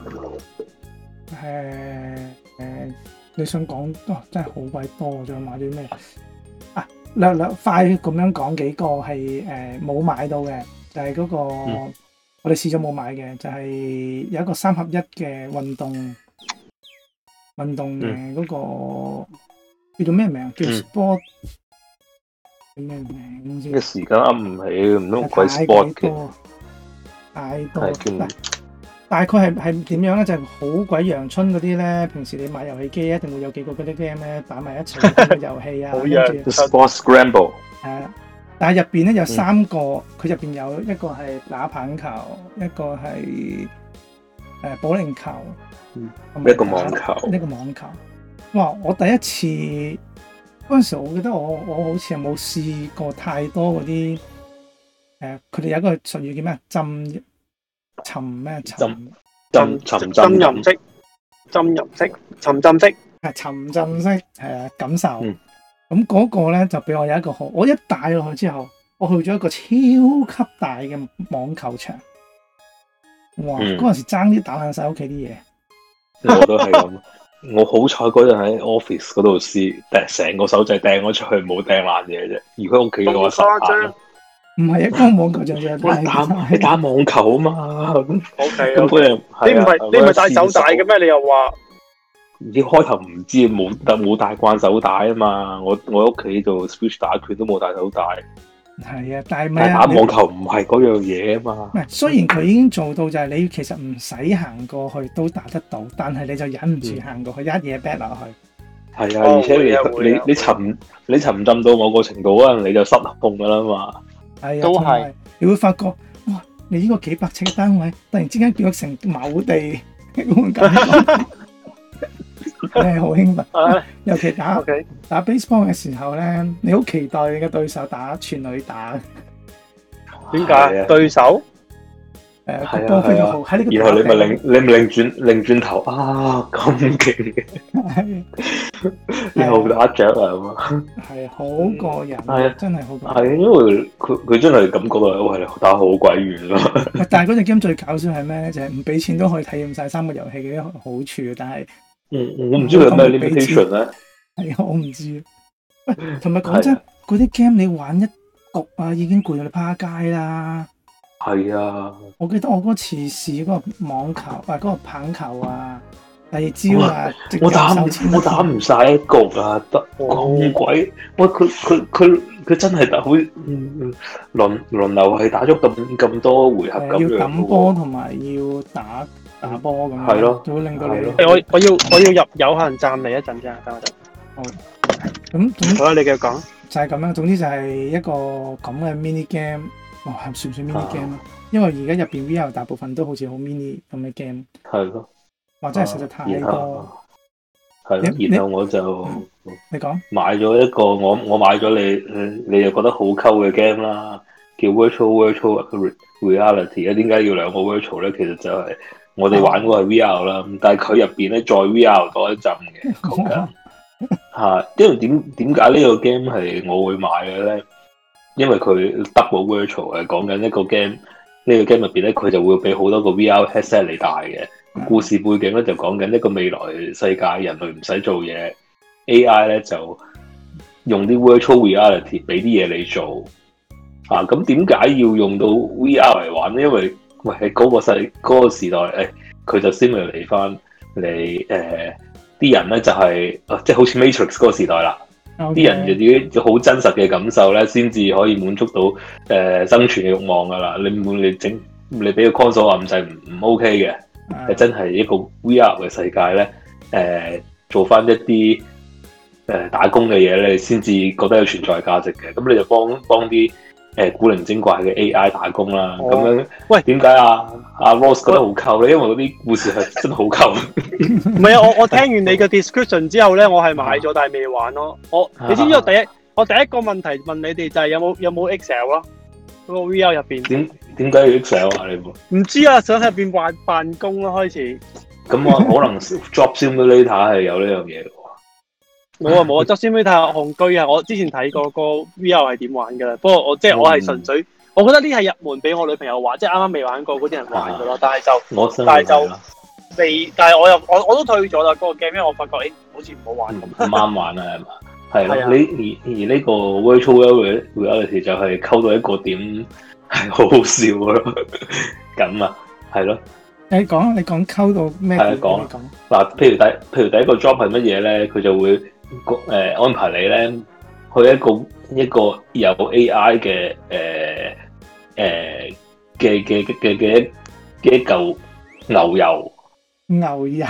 誒、呃。誒、呃，你想講哦，真係好鬼多，仲有買啲咩啊？略略快咁樣講幾個係誒，冇、呃、買到嘅，就係、是、嗰、那個、嗯、我哋試咗冇買嘅，就係、是、有一個三合一嘅運動運動嘅嗰、那個、嗯、叫做咩名？叫 Sport 叫、嗯、咩名？一時間諗唔起，唔通鬼 Sport 嘅？太多太多。太大概係係點樣咧？就係好鬼陽春嗰啲咧。平時你買遊戲機一定會有幾個嗰啲 game 咧擺埋一齊玩遊戲啊。好 Sports Scramble 係啦，但係入邊咧有三個，佢入邊有一個係打棒球，一個係誒、呃、保齡球，一、嗯、這個網球。一、這個網球。哇！我第一次嗰陣時，我記得我我好似係冇試過太多嗰啲誒，佢、嗯、哋、呃、有一個術語叫咩？浸沉咩？沉沉沉沉浸式，沉浸式，沉浸式係沉浸式係啊！感受咁嗰、嗯、個咧就俾我有一個好，我一戴落去之後，我去咗一個超級大嘅網球場，哇！嗰、嗯、陣時爭啲打爛晒屋企啲嘢。我都係咁， *laughs* 我好彩嗰陣喺 office 嗰度試，成個手仔掟咗出去，冇掟爛嘢啫。而佢屋企我沙唔係一個網球就係打，你打網球啊嘛。好、okay. 嘅，咁佢、啊、你唔係你唔係戴手帶嘅咩？你又話你開頭唔知冇，但冇戴慣手帶啊嘛。我我屋企做 switch 打拳都冇戴手帶。係啊，但係、啊、打網球唔係嗰樣嘢啊嘛。唔係，雖然佢已經做到就係你其實唔使行過去都打得到，但係你就忍唔住行過去、嗯、一嘢 bat 落去。係啊，而且你、啊、你、啊、你，你沉你沉浸到某個程度啊，你就失控噶啦嘛。係啊，都係。你會發覺，哇！你呢個幾百尺嘅單位，突然之間變咗成某地，咁樣搞，真係好興奮。尤其打 Okay，打 baseball 嘅時候咧，你好期待你嘅對手打全壘打。點解？對手？係、嗯、啊，啊個，然後你咪擰你咪擰轉擰轉頭啊，咁勁嘅，你好、啊、 *laughs* 打雀啊嘛，係好、啊、過癮，係啊，真係好係，因為佢佢真係感覺到，喂，打好鬼遠咯。但係嗰隻 game 最搞笑係咩咧？就係唔俾錢都可以體驗晒三個遊戲嘅一好處但係、嗯，我唔知佢係咩 limitation 咧、啊、係、嗯啊、我唔知道。同埋講真，嗰啲 game 你玩一局啊，已經攰到你趴街啦。係啊！我記得我嗰次試嗰個網球，或、啊、嗰、那個棒球啊、第二招啊，我打唔，我打唔晒一局啊，得、哦、咁鬼喂！佢佢佢佢真係打好，嗯輪輪流係打咗咁咁多回合咁要抌波同埋要打球要打波咁係咯，就會、啊、令到你咯。我我要我要入，有限站你一陣啫，得唔得？好，咁好啦，你繼續講，就係、是、咁樣。總之就係一個咁嘅 mini game。哦、算唔算 mini game？啊、因為而家入邊 VR 大部分都好似好 mini 咁嘅 game。係咯，或者係實在太多。係、啊然，這個、然後我就你講，買咗一個我我買咗你你又就覺得好溝嘅 game 啦，叫 Virtual Virtual Reality 啊。點解要兩個 Virtual 咧？其實就係我哋玩過係 VR 啦、啊，但係佢入邊咧再 VR 多一陣嘅。係， *laughs* 因為點點解呢個 game 係我會買嘅咧？因為佢 double virtual 誒，講緊一個 game，、這個、呢個 game 入邊咧，佢就會俾好多個 VR headset 你戴嘅。故事背景咧就講緊一個未來世界，人類唔使做嘢，AI 咧就用啲 virtual reality 俾啲嘢你做。啊，咁點解要用到 VR 嚟玩咧？因為唔喺嗰個世、那個時代，誒、欸，佢就 similar 嚟翻，你、欸、誒，啲人咧就係、是，即、啊、係、就是、好似 Matrix 嗰個時代啦。啲、okay. 人就自己好真實嘅感受咧，先至可以滿足到誒、呃、生存嘅欲望噶啦。你唔冇你整你俾個 constraint 唔使唔 OK 嘅，uh -huh. 真係一個 VR 嘅世界咧。誒、呃，做翻一啲誒、呃、打工嘅嘢咧，先至覺得有存在的價值嘅。咁你就幫幫啲。誒、欸，古靈精怪嘅 AI 打工啦，咁、哦、樣為什麼、啊。喂，點解啊？阿 Rose 覺得好扣咧，因為嗰啲故事係真好扣。唔係啊，我我聽完你嘅 description 之後咧，我係買咗、啊，但係未玩咯。我你知唔知我第一、啊、我第一個問題問你哋就係有冇有冇 Excel 咯？個 VR 入邊點點解要 Excel 啊？那個、啊你唔知啊？想喺入邊辦辦公咯、啊，開始。咁 *laughs* 我、啊、可能 Drop Simulator 係有呢樣嘢。我啊冇啊 just 先俾睇下紅居啊！我之前睇過個 V R 係點玩噶啦，不過我即係我係純粹，我覺得呢係入門俾我女朋友玩，即係啱啱未玩過嗰啲人玩噶咯。但係就、啊、就，但係就未，但係我又我我都退咗啦嗰個 game，我發覺誒、欸，好似唔好玩咁，唔啱玩啊係嘛，係咯， *laughs* 而而呢個 virtual、World、reality 就係溝到一個點係好好笑噶咯，咁啊係咯，你講你講溝到咩？講嗱，譬如第譬如第一個 drop 係乜嘢咧？佢就會。個、嗯、安排你咧去一個一個有 A I 嘅誒誒嘅嘅嘅嘅嘅一嘅牛油牛油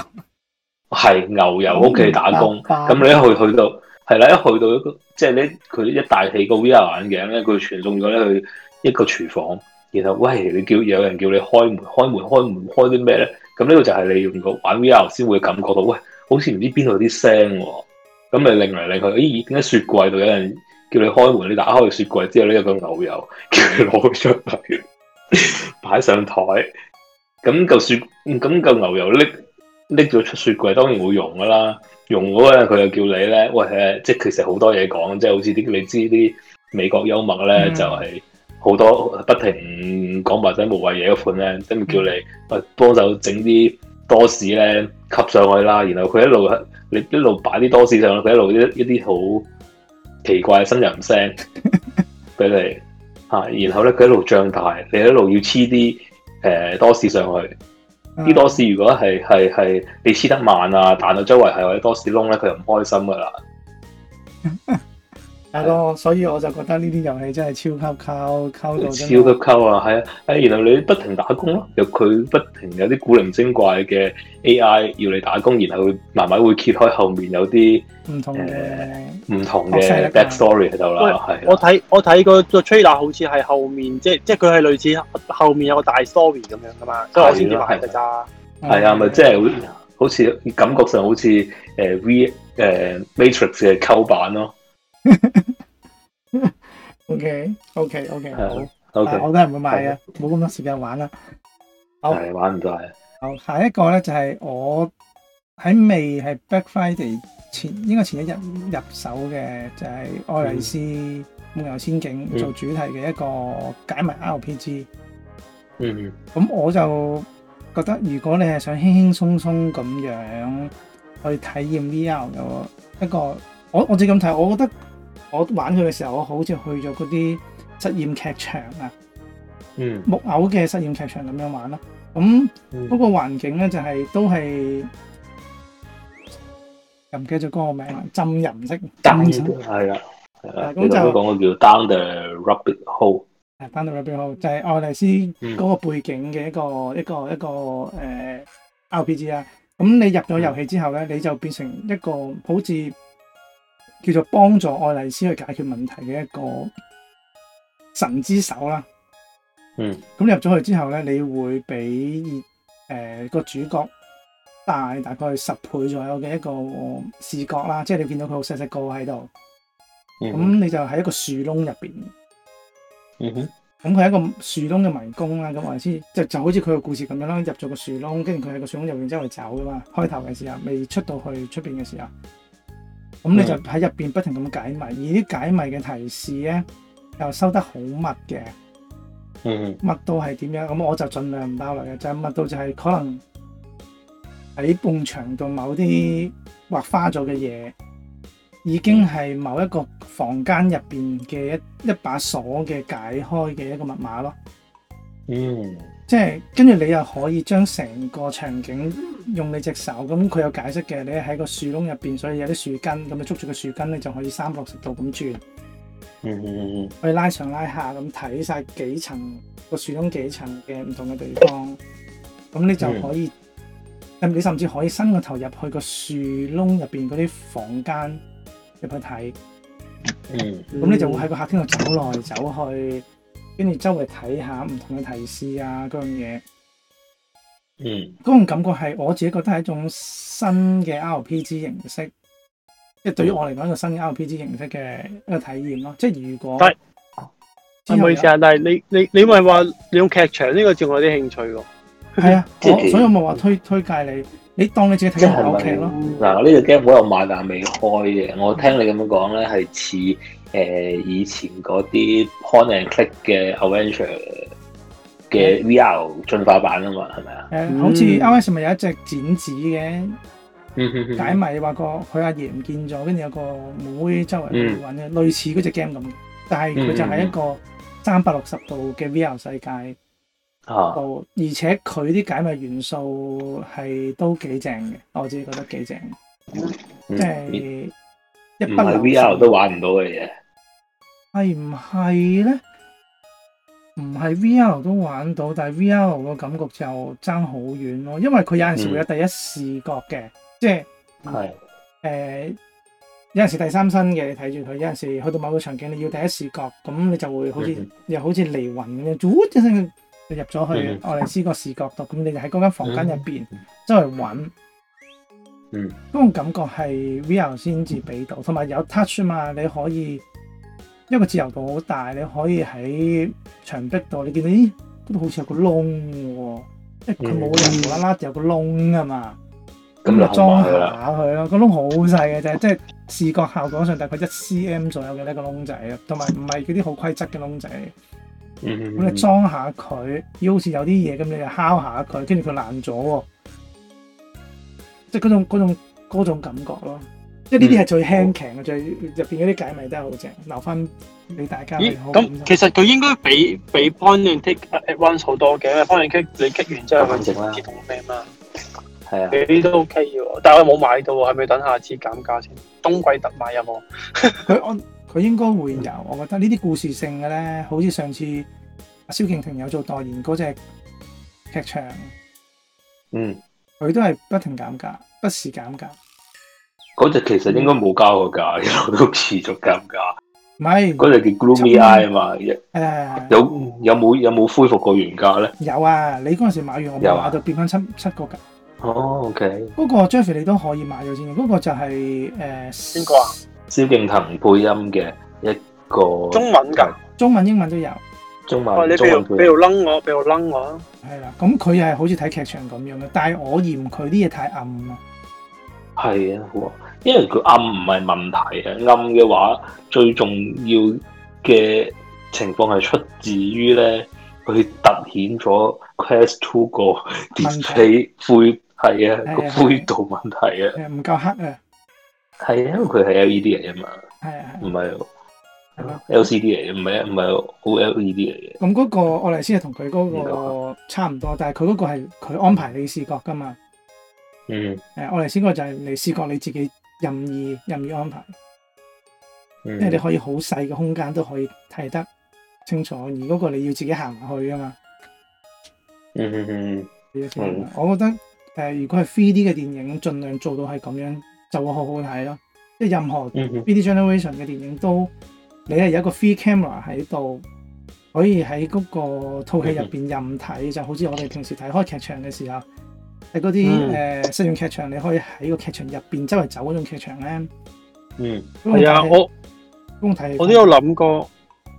係牛油屋企打工，咁你一去去到係啦，一去到一個即係你佢一大氣個 V R 眼鏡咧，佢傳送咗你去一個廚房，然後喂，你叫有人叫你開門開門開門開啲咩咧？咁呢個就係你用個玩 V R 先會感覺到，喂，好似唔知邊度有啲聲喎、哦。咁咪擰嚟擰去，咦、哎？點解雪櫃度有人叫你開門？你打開雪櫃之後呢，有個牛油，叫你攞出嚟擺上台。咁、那、嚿、個、雪，咁、那、嚿、個、牛油拎搦咗出雪櫃，當然會溶噶啦。溶咗咧，佢又叫你咧，喂誒，即係其實好多嘢講，即係好似啲你知啲美國幽默咧，mm -hmm. 就係好多不停講白仔無謂嘢嗰款咧，即叫你幫手整啲多士咧。吸上去啦，然後佢一路你一路擺啲多士上去，佢一路一啲好奇怪嘅呻吟聲俾你吓， *laughs* 然後咧佢一路脹大，你一路要黐啲誒多士上去，啲 *laughs* 多士如果係係係你黐得慢啊，彈到周圍係或者多士窿咧，佢就唔開心噶啦。 *laughs* 大哥，所以我就覺得呢啲遊戲真係超級溝溝到真超級溝啊！係啊，誒，然後你不停打工咯、嗯，又佢不停有啲古靈精怪嘅 AI 要你打工，然後慢慢會揭開後面有啲唔同嘅唔、呃、同嘅 back story 喺度啦。係、啊、我睇我睇過個 trailer 好似係後面，即即係佢係類似後面有個大 story 咁樣㗎嘛，所以我先至買嘅咋。係啊，咪即係好似感覺上好似誒、呃、V 誒、呃、Matrix 嘅溝版咯。O K O K O K 好，我我都係唔會買嘅，冇咁多時間玩啦。好，玩唔晒。好，下一個咧就係我喺未係 Back Friday 前，應該前一日入手嘅，就係愛麗絲夢遊仙境做主題嘅一個解謎 R P G。嗯嗯。咁我就覺得，如果你係想輕輕鬆鬆咁樣去體驗 V R 嘅一個，我我自咁睇，我覺得。我玩佢嘅時候，我好似去咗嗰啲實驗劇場啊、嗯，木偶嘅實驗劇場咁樣玩啦。咁嗰、那個環境咧就係、是、都係，又唔記得咗嗰個名，浸淫式 down 係啦，係啦。咁、啊、就講個叫 Down the Rabbit Hole，Down the Rabbit Hole 就係愛麗絲嗰個背景嘅一個、嗯、一個一個誒、呃、RPG 啊。咁你入咗遊戲之後咧，你就變成一個好似。叫做幫助愛麗絲去解決問題嘅一個神之手啦。嗯，咁入咗去之後咧，你會俾熱誒個主角大大概十倍左右嘅一個視覺啦，即、就、係、是、你見到佢好細細個喺度。咁、嗯、你就喺一個樹窿入邊。咁、嗯、佢一個樹窿嘅迷宮啦。咁愛麗絲就就好似佢個故事咁樣啦，入咗個樹窿，跟住佢喺個樹窿入邊之後嚟走噶嘛。開頭嘅時候未出到去出邊嘅時候。咁你就喺入邊不停咁解密，而啲解密嘅提示咧又收得好密嘅，嗯，密到係點樣？咁我就盡量唔爆啦嘅，就係、是、密到就係可能喺埲牆度某啲畫花咗嘅嘢，mm -hmm. 已經係某一個房間入邊嘅一一把鎖嘅解開嘅一個密碼咯。嗯、mm -hmm.。即係跟住你又可以將成個場景用你隻手，咁佢有解釋嘅。你喺個樹窿入邊，所以有啲樹根，咁你捉住個樹根咧，你就可以三百六十度咁轉。嗯嗯嗯嗯。可以拉上拉下咁睇晒幾層個樹窿幾層嘅唔同嘅地方，咁你就可以，咁、嗯、你甚至可以伸個頭入去個樹窿入邊嗰啲房間入去睇。嗯。咁你就會喺個客廳度走來走去。跟住周圍睇下唔同嘅提示啊，嗰樣嘢，嗯，嗰種感覺係我自己覺得係一種新嘅 RPG 形式，即係對於我嚟講一個新嘅 RPG 形式嘅一個體驗咯、嗯。即係如果，係，唔好意思、這個、啊。但係你你你咪話你用劇場呢個叫我啲興趣喎，係、就、啊、是，所以我咪話推、嗯、推，推介你，你當你自己睇緊劇咯。嗱，這個、我呢個 game 又買但係未開嘅，我聽你咁樣講咧係似。以前嗰啲 point and click 嘅 adventure 嘅 VR 進化版啊嘛，係咪啊？誒、嗯，好似 iOS 咪有一隻剪紙嘅解密，話過佢阿爺唔見咗，跟住有個妹、妹周圍去揾嘅，類似嗰隻 game 咁。但係佢就係一個三百六十度嘅 VR 世界，哦、嗯，而且佢啲解密元素係都幾正嘅，我自己覺得幾正、嗯嗯，即係一筆難。唔係 VR 都玩唔到嘅嘢。係唔係咧？唔係 VR 都玩到，但係 VR 個感覺就爭好遠咯。因為佢有陣時會有第一視覺嘅，即係誒有陣時第三身嘅，你睇住佢。有陣時去到某個場景，你要第一視覺，咁你就會好似又、嗯、好似離魂嘅，咁就入咗去愛麗絲個視覺度，咁你就喺嗰間房間入邊周圍搵。嗯，嗰種、嗯，那個、感覺係 VR 先至俾到，同埋有 touch 嘛，你可以。因為個自由度好大，你可以喺牆壁度，你見到咦，度好似有個窿嘅，啊，即係佢冇任無啦啦有、嗯、有個窿啊嘛，咁、嗯、就裝下佢咯。去那個窿好細嘅啫，即、就、係、是就是、視覺效果上大概一 cm 左右嘅呢個窿仔，同埋唔係嗰啲好規則嘅窿仔，咁、嗯、你裝下佢，要好似有啲嘢咁，你就敲下佢，跟住佢爛咗，即係嗰種種種，種感覺咯。即係呢啲係最輕便嘅，最入邊嗰啲解謎都係好正，留翻俾大家好。咦？咁其實佢應該比比 point and take advance 好多嘅，point and take 你 take 完之後，折同咩嘛？係啊，呢啲都 OK 嘅，但係我冇買到，係咪等下次減價先？冬季特賣有冇？佢 *laughs* 我佢應該會有、嗯，我覺得呢啲故事性嘅咧，好似上次蕭敬騰有做代言嗰隻劇場，嗯，佢都係不停減價，不時減價。嗰隻其實應該冇交過價，一路都持續減價。唔係嗰隻叫 Gloomy Eye 啊嘛，有有冇有冇恢復過原價咧？有啊，你嗰陣時買完我冇買就變翻七七個價。哦，OK。嗰個 Jeffrey 你都可以買咗先，嗰個就係誒邊個啊？蕭敬騰配音嘅一個中文㗎，中文英文都有。中文。哦，你譬如譬如掹我，譬如掹我，係啦。咁佢又係好似睇劇場咁樣嘅，但係我嫌佢啲嘢太暗啊。係啊，因為佢暗唔係問題嘅，暗嘅話最重要嘅情況係出自於咧，佢突顯咗 Quest Two 個 display 灰。係啊，個灰度問題啊，唔夠黑啊，係啊，因為佢係 LED 嚟啊嘛。係啊，唔係咯，LCD 嚟嘅，唔係唔係 OLED 嚟嘅。咁嗰個我哋先係同佢嗰個差唔多，不的但係佢嗰個係佢安排你的視覺噶嘛。嗯、mm -hmm. 啊，我哋先個就係你試過你自己任意任意安排，mm -hmm. 因為你可以好細嘅空間都可以睇得清楚，而嗰個你要自己行去啊嘛。嗯嗯嗯，我覺得、呃、如果係 3D 嘅電影，盡量做到係咁樣，就會好好睇咯。即係任何 3D generation 嘅電影都，mm -hmm. 你係有一個 free camera 喺度，可以喺嗰個套戲入邊任睇，mm -hmm. 就好似我哋平時睇開劇場嘅時候。喺嗰啲誒實用劇場、嗯，你可以喺個劇場入邊周圍走嗰種劇場咧。嗯，係啊，我公提，我都有諗過，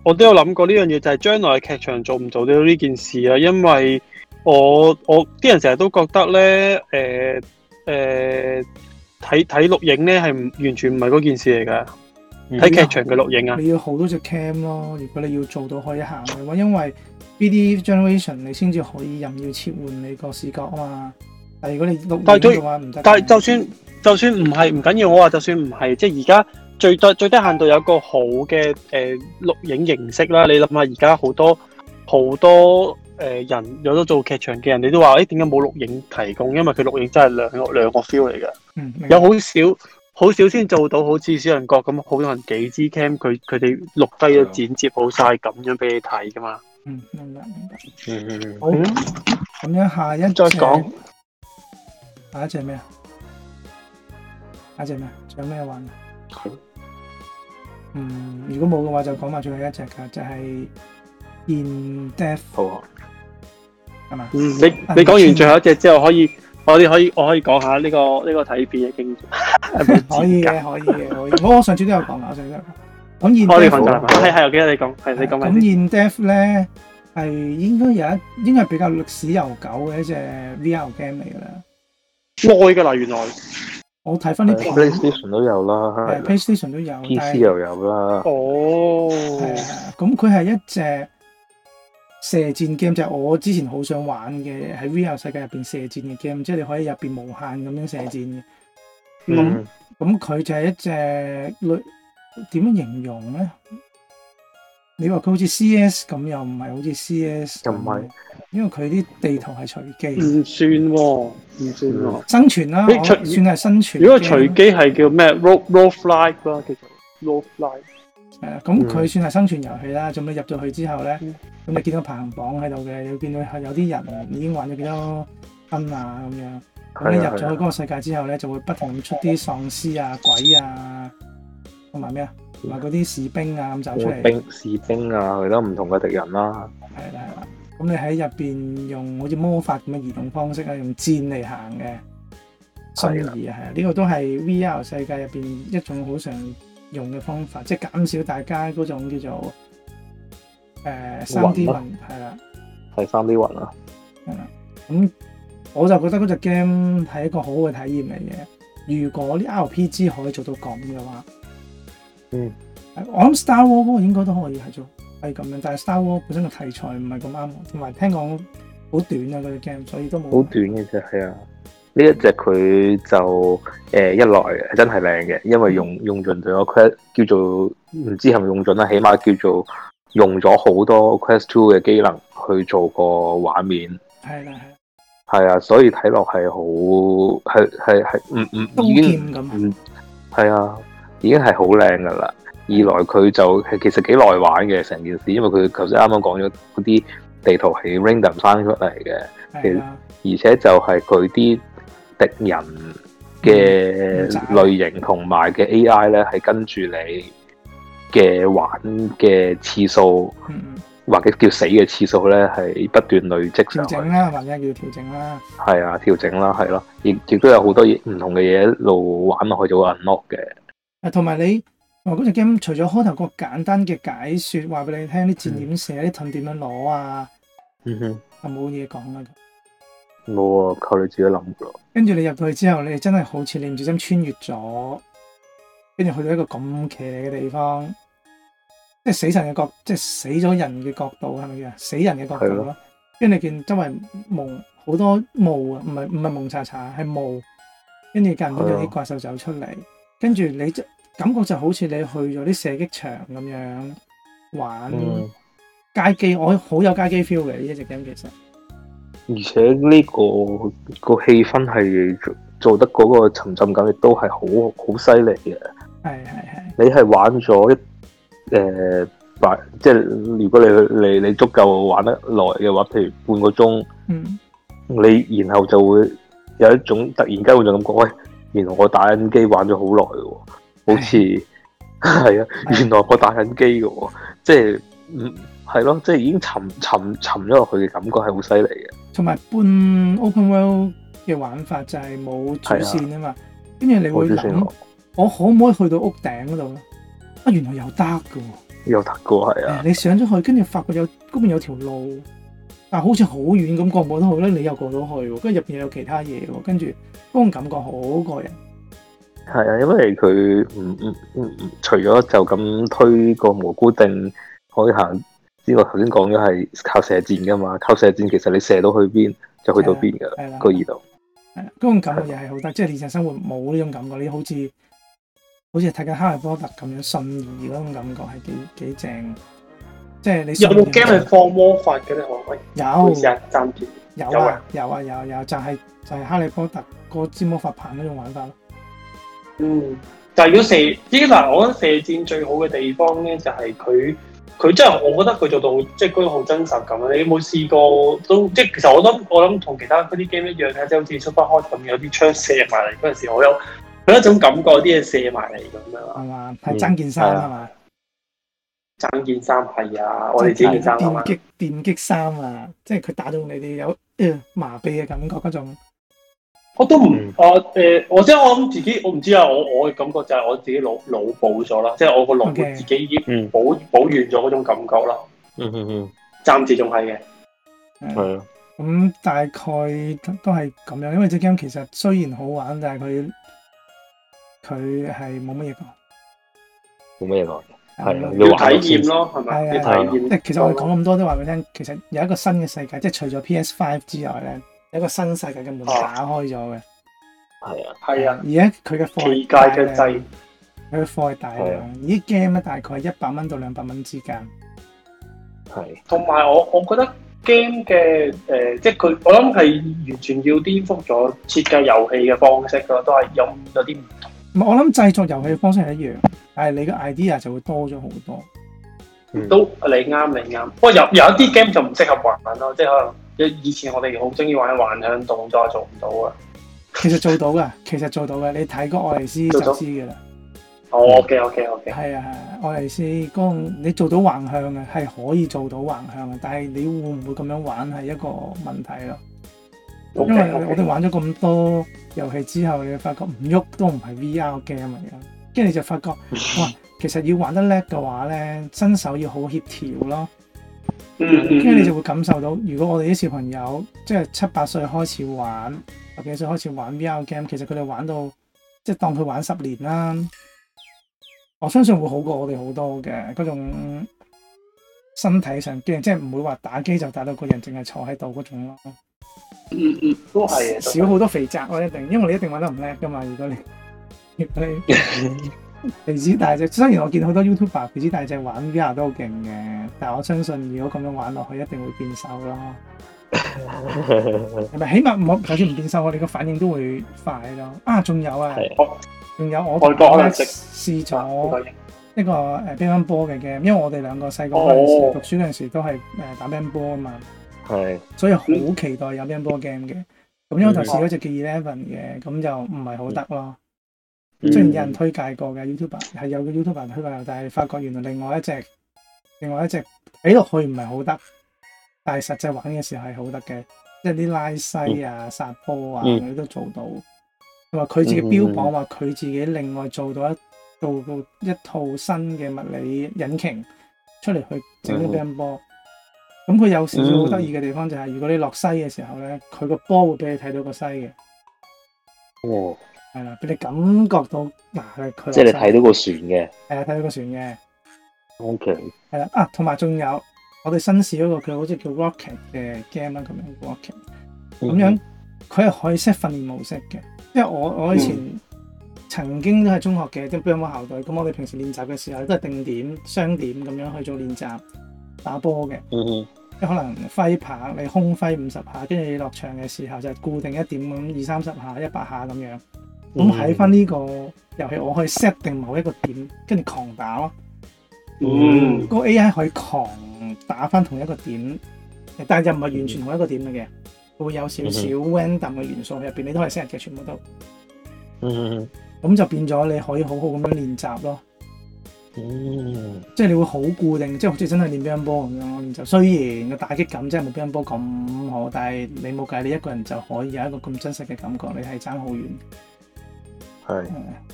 我都有諗過呢樣嘢，就係將來嘅劇場做唔做到呢件事啊？因為我我啲人成日都覺得咧，誒誒睇睇錄影咧係唔完全唔係嗰件事嚟㗎，睇、嗯、劇場嘅錄影啊，你要好多隻 cam 咯。如果你要做到可以行嘅話，因為 B D generation 你先至可以任意切換你個視覺啊嘛。但係但係就算、嗯、就算唔係唔緊要，我話就算唔係，即係而家最最最低限度有個好嘅誒錄影形式啦。你諗下而家好多好多誒、呃、人有得做劇場嘅人，你都話誒點解冇錄影提供？因為佢錄影真係兩個兩個 feel 嚟㗎、嗯，有好少好少先做到好似小人國咁，好多人幾支 cam 佢佢哋錄低咗剪接好晒咁樣俾你睇噶嘛。嗯，嗯，嗯，嗯，嗯。好，咁、嗯、樣下一再講。下一隻係咩啊？下一隻咩？仲有咩玩？係，嗯，如果冇嘅話就講埋最後一隻噶，就係 In Death 好啊，係嘛？嗯，你你講完最後一隻之後，可以我哋可以我可以講下呢個呢個睇片嘅經驗。可以嘅，可以嘅，我我上次都有講下先得。咁 In Death，係係我記得你講，係你講。咁 In Death 咧係應該有一應該係比較歷史悠久嘅一隻 VR game 嚟噶啦。耐噶啦，原來我睇翻啲 PlayStation 都有啦，PlayStation 都有，PC 又有啦。哦，咁佢係一隻射箭 game，就係我之前好想玩嘅喺 VR 世界入邊射箭嘅 game，即係你可以入邊無限咁樣射箭嘅。咁咁佢就係一隻，點樣形容咧？你話佢好似 C S 咁，又唔係好似 C S，又唔係，因為佢啲地圖係隨機。唔算，唔算，生存啦，算係生存。如果隨機係叫咩？Roguelike 啦，叫做 Roguelike 誒，咁佢算係生存遊戲啦。做咩入咗去之後咧，咁你見到排行榜喺度嘅，你見到係有啲人已經玩咗幾多分啊咁樣。咁你入咗去嗰個世界之後咧，就會不停咁出啲喪屍啊、鬼啊，同埋咩啊？同埋嗰啲士兵啊咁走出嚟，士兵、士兵啊，好多唔同嘅敵人啦、啊。係啦係啦，咁你喺入邊用好似魔法咁嘅移動方式啊，用箭嚟行嘅，虛擬啊，係啊，呢、這個都係 V R 世界入邊一種好常用嘅方法，即係減少大家嗰種叫做誒三 D 暈，係、呃、啦，係三 D 暈啊。係啦，咁、啊、我就覺得嗰隻 game 係一個好嘅體驗嚟嘅。如果啲 R P G 可以做到咁嘅話，嗯，我諗《Star War》應該都可以係做係咁樣，但係《Star War》本身嘅題材唔係咁啱，同埋聽講好、那個、短啊佢嘅 game，所以都冇好短嘅啫。係啊，呢一隻佢就誒、欸、一來真係靚嘅，因為用用盡咗 Quest 叫做唔知係咪用盡啦，起碼叫做用咗好多 Quest 2嘅機能去做個畫面。係啦、啊，係係啊，啊，所以睇落係好係係係，唔唔、嗯嗯、已經唔係、嗯、啊。已經係好靚噶啦！二來佢就係其實幾耐玩嘅成件事，因為佢頭先啱啱講咗嗰啲地圖係 random 生出嚟嘅，而且就係佢啲敵人嘅類型同埋嘅 AI 咧，係跟住你嘅玩嘅次數，或者叫死嘅次數咧，係不斷累積上去。調整啦，或者叫調整啦，係啊，調整啦，係咯，亦亦都有好多唔同嘅嘢一路玩落去做 unlock 嘅。同埋你，我嗰隻 game 除咗開頭個簡單嘅解說，話俾你聽啲字點寫，啲、嗯、盾點樣攞啊？嗯哼，啊冇嘢講啦，冇啊，靠你自己諗咯。跟住你入去之後，你真係好似你唔小心穿越咗，跟住去到一個咁奇嘅地方，即係死神嘅角，即係死咗人嘅角度，係咪啊？死人嘅角度咯。跟住你見周圍霧好多霧啊，唔係唔係蒙查查，係霧。跟住間唔中有啲怪獸走出嚟，跟住你感覺就好似你去咗啲射擊場咁樣玩、嗯、街機，我好有街機 feel 嘅呢隻 game 其實，而且呢、呢個、呢個氣氛係做，做得嗰個沉浸感亦都係好好犀利嘅。係係係。你係玩咗誒百，即、呃、係、就係、如果你你你足夠玩得耐嘅話，譬如半個鐘、嗯，你然後就會有一種突然間嗰種感覺，喂、哎，原來我打緊機玩咗好耐喎。好似係啊，原來我打緊機嘅，即係嗯係咯，即係、就是、已經沉沉沉咗落去嘅感覺係好犀利嘅。同埋半 open world 嘅玩法就係冇主線啊嘛，跟住你會諗，我可唔可以去到屋頂嗰度咧？啊，原來又得㗎，又得㗎係啊！你上咗去，跟住發覺有嗰邊有條路，但好似好遠咁過唔得好咧，你又過到去，跟住入邊有其他嘢，跟住嗰種感覺好過癮。係啊，因為佢唔唔唔除咗就咁推個蘑菇定可以行之外，頭先講咗係靠射箭噶嘛，靠射箭其實你射到去邊就去到邊噶啦，個耳朵。係嗰、啊啊、種感覺又係好得、啊，即係現實生活冇呢種感覺，你好似好似睇緊《哈利波特》咁樣，信義嗰種感覺係幾幾正。即係你有冇 game 放魔法嘅咧？可唔可以？有啊有啊有啊有啊有，啊有，啊有啊，就係、是、就係、是《哈利波特》個尖魔法棒嗰種玩法咯。嗯，但係如果射呢嗱，我覺得射箭最好嘅地方咧，就係佢佢真係我覺得佢做到即係佢好真實咁。你有冇試過都即係？其實我都我諗同其他嗰啲 game 一樣，即係好似出翻開咁，有啲槍射埋嚟嗰陣時，我有有一種感覺啲嘢射埋嚟咁樣。係嘛，係增件衫啊嘛，增件衫係啊，我哋電擊電擊衫啊，即係佢打到你哋有、呃、麻痹嘅感覺嗰種。我都唔、嗯，我誒、呃，我即係我諗自己，我唔知啊，我我嘅感覺就係我自己腦腦補咗啦，即係我個腦自己已經補、嗯、補完咗嗰種感覺啦。嗯嗯嗯，暫時仲係嘅，係啊。咁大概都係咁樣，因為《隻 game》其實雖然好玩，但係佢佢係冇乜嘢講，冇乜嘢講，係、嗯、要體驗咯，係咪？要體驗。即係其實我哋講咁多都話俾你聽，其實有一個新嘅世界，即係除咗 PS Five 之外咧。一個新世界嘅門打開咗嘅，係啊係啊。而家佢嘅科技界嘅掣，佢嘅貨係大量。啲 game 咧，大概係一百蚊到兩百蚊之間，係同埋我我覺得 game 嘅誒，即係佢我諗係完全要顛覆咗設計遊戲嘅方式咯，都係有有啲唔同，我諗製作遊戲嘅方式係一樣，但係你嘅 idea 就會多咗好多。都你啱，你啱。不過有有一啲 game 就唔適合玩咯，即係可能。一以前我哋好中意玩幻象動作，做唔到啊！其實做到㗎，其實做到㗎，你睇個愛麗絲就知噶啦。哦、oh，OK OK OK。係啊係啊，愛麗絲個，你做到幻象嘅係可以做到幻象嘅，但係你會唔會咁樣玩係一個問題咯？Okay, okay. 因為我哋玩咗咁多遊戲之後，你發覺唔喐都唔係 VR game 嚟嘅！跟住你就發覺 *laughs* 哇，其實要玩得叻嘅話咧，身手要好協調咯。嗯，跟住你就會感受到，如果我哋啲小朋友即係七八歲開始玩，十幾歲開始玩 VR game，其實佢哋玩到即係當佢玩十年啦，我相信會好過我哋好多嘅嗰種身體上，即係唔會話打機就打到個人淨係坐喺度嗰種咯。嗯嗯，都係少好多肥宅，我一定，因為你一定玩得唔叻㗎嘛，如果你。 *laughs* 肥子大隻，雖然我見到好多 YouTuber 肥子大隻玩 VR 都好勁嘅，但我相信如果咁樣玩落去，一定會變瘦咯。唔 *laughs* 係，起碼我就算唔變瘦，我哋個反應都會快咯。啊，仲有啊，仲有我最近咧試咗一個誒乒乓波嘅 game，因為我哋兩個細個嗰陣時、哦、讀書嗰陣時都係誒打乒乓波啊嘛，係，所以好期待有乒乓波 game 嘅。咁因為我試了隻 -11 的那就試咗隻 Eleven 嘅，咁就唔係好得咯。雖然有人推介過嘅、嗯、YouTuber 係有個 YouTuber 推介，但係發覺原來另外一隻另外一隻睇落去唔係好得，但係實際玩嘅時候係好得嘅，即係啲拉西啊、殺波啊，佢、嗯、都做到。同埋佢自己標榜話佢自己另外做到一做到一套新嘅物理引擎出嚟去整啲乒乓波。咁、嗯、佢有少少好得意嘅地方就係，如果你落西嘅時候咧，佢個波會俾你睇到個西嘅。哇！係啦，俾你感覺到，嗱、啊，佢即係你睇到個船嘅。誒，睇到個船嘅。O K。係啦，啊，同埋仲有我哋新試嗰個佢好似叫 Rocket 嘅 game 啦，咁、mm -hmm. 樣 Rocket，咁樣佢係可以 set 訓練模式嘅。因為我我以前曾經都係中學嘅，即係乒乓校隊。咁我哋平時練習嘅時候都係定點、雙點咁樣去做練習打波嘅。Mm -hmm. 即可能揮拍，你空揮五十下，跟住落場嘅時候就係固定一點咁，二三十下、一百下咁樣。咁喺翻呢個遊戲，我可以 set 定某一個點，跟住狂打咯。嗯，個 A.I. 可以狂打翻同一個點，但係又唔係完全同一個點嘅、嗯，會有少少 random 嘅元素喺入邊。你都可以 set 嘅，全部都嗯，咁就變咗你可以好好咁樣練習咯。哦、嗯，即係你會好固定，即係好似真係練乒乓波咁樣練習。雖然個打擊感真係冇乒乓波咁好，但係你冇計，你一個人就可以有一個咁真實嘅感覺。你係爭好遠。係，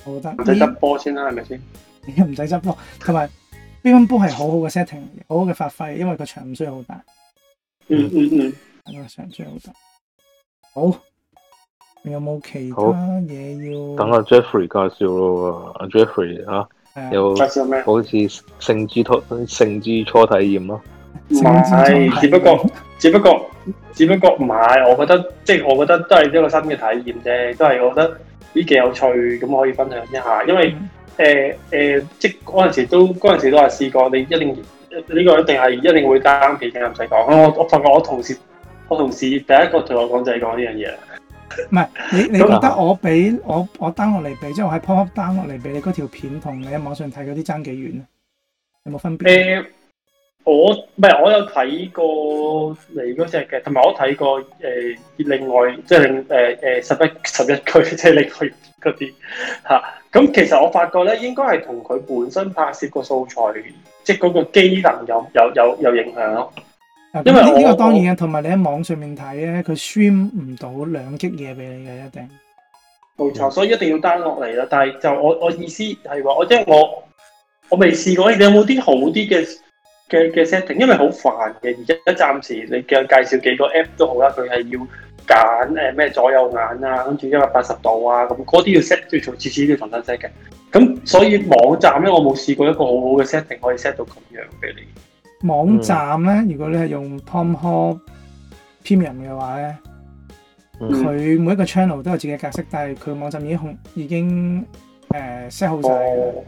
我覺得唔使執波先啦，係咪先？而家唔使執波，同埋乒乓波係好 setting, 好嘅 setting，好好嘅發揮，因為個場唔需要好大。嗯嗯嗯，個場唔需要好大。好，你有冇其他嘢要？等阿 Jeffrey 介紹咯，阿、啊、Jeffrey 吓、啊，有，介紹咩？好似勝之初，勝之初體驗咯，唔係，只不過只不過只不過唔係，我覺得即係我覺得都係一個新嘅體驗啫，都係我覺得。呢幾有趣，咁我可以分享一下，因為誒誒，即嗰陣時都嗰陣時都係試過，你一定呢個一定係一定會 down 幾張唔使講。我我發覺我同事我同事第一個同我講就係講呢樣嘢，唔係你你覺得我俾我我 down 落嚟俾，即我喺 pop up down 落嚟俾你嗰條片，同你喺網上睇嗰啲爭幾遠啊？有冇分別？我唔係，我有睇過你嗰隻嘅，同埋我睇過誒、呃、另外，即係另誒誒十一十一區，即係另外嗰啲嚇。咁、啊、其實我發覺咧，應該係同佢本身拍攝個素材，即係嗰個機能有有有有影響咯。因為呢個當然啊，同埋你喺網上面睇咧，佢 stream 唔到兩 G 嘢俾你嘅一定。冇、嗯、錯，所以一定要 down 落嚟啦。但係就我我意思係話，我即係我我未試過，你有冇啲好啲嘅？嘅嘅 setting，因為好煩嘅，而家一暫時你嘅介紹幾個 app 都好啦，佢係要揀誒咩左右眼啊，跟住一百八十度啊，咁嗰啲要 set，要重次次都要重新 set 嘅。咁所以網站咧，我冇試過一個好好嘅 setting 可以 set 到咁樣畀你。網站咧，如果你係用 Tomco Premium 嘅話咧，佢每一個 channel 都有自己嘅格式，但係佢網站已經控已經誒 set 好曬。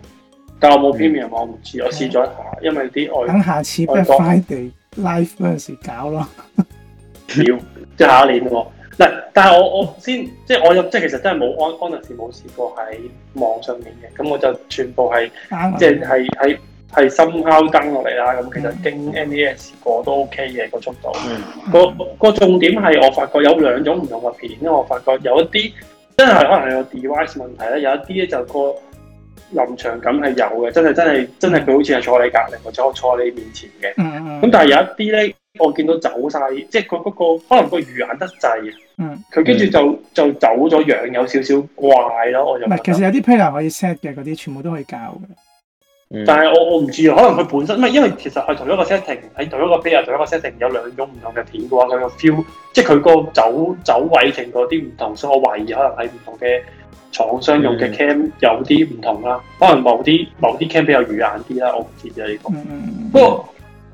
但我冇 premium、嗯、我唔知，我試咗一下，嗯、因為啲外國等下次 Black Friday live 嗰陣時搞咯。 *laughs* 要即係、就是、下一年喎。嗱，但係我我先即係我又即係其實真係冇安安陣時冇試過喺網上面嘅。咁我就全部係即係係係係深敲登落嚟啦。咁、嗯就是、其實經 NES 過都 OK 嘅個速度。個、嗯、個重點係我發覺有兩種唔同嘅片因為，我發覺有一啲真係可能係個 device 問題咧，有一啲咧就個。臨場感係有嘅，真係真係真係佢好似係坐你隔離，或、嗯、者坐你面前嘅。咁、嗯嗯、但係有一啲呢、嗯，我見到走晒，即係佢嗰個、那個、可能個魚眼得滯。嗯。佢跟住就、嗯、就走咗樣，有少少怪咯，我就覺得。其實有啲 player 可以 set 嘅嗰啲，全部都可以教、嗯。但係我我唔知可能佢本身因為其實係同一個 setting 喺同一個 player 同一個 setting 有兩種唔同嘅片嘅話，佢個 feel 即係佢個走走位定嗰啲唔同，所以我懷疑可能喺唔同嘅。嗯、廠商用嘅 cam 有啲唔同啦，可能某啲某啲 cam 比較魚眼啲啦，我唔知啊呢、呢個、嗯嗯。不過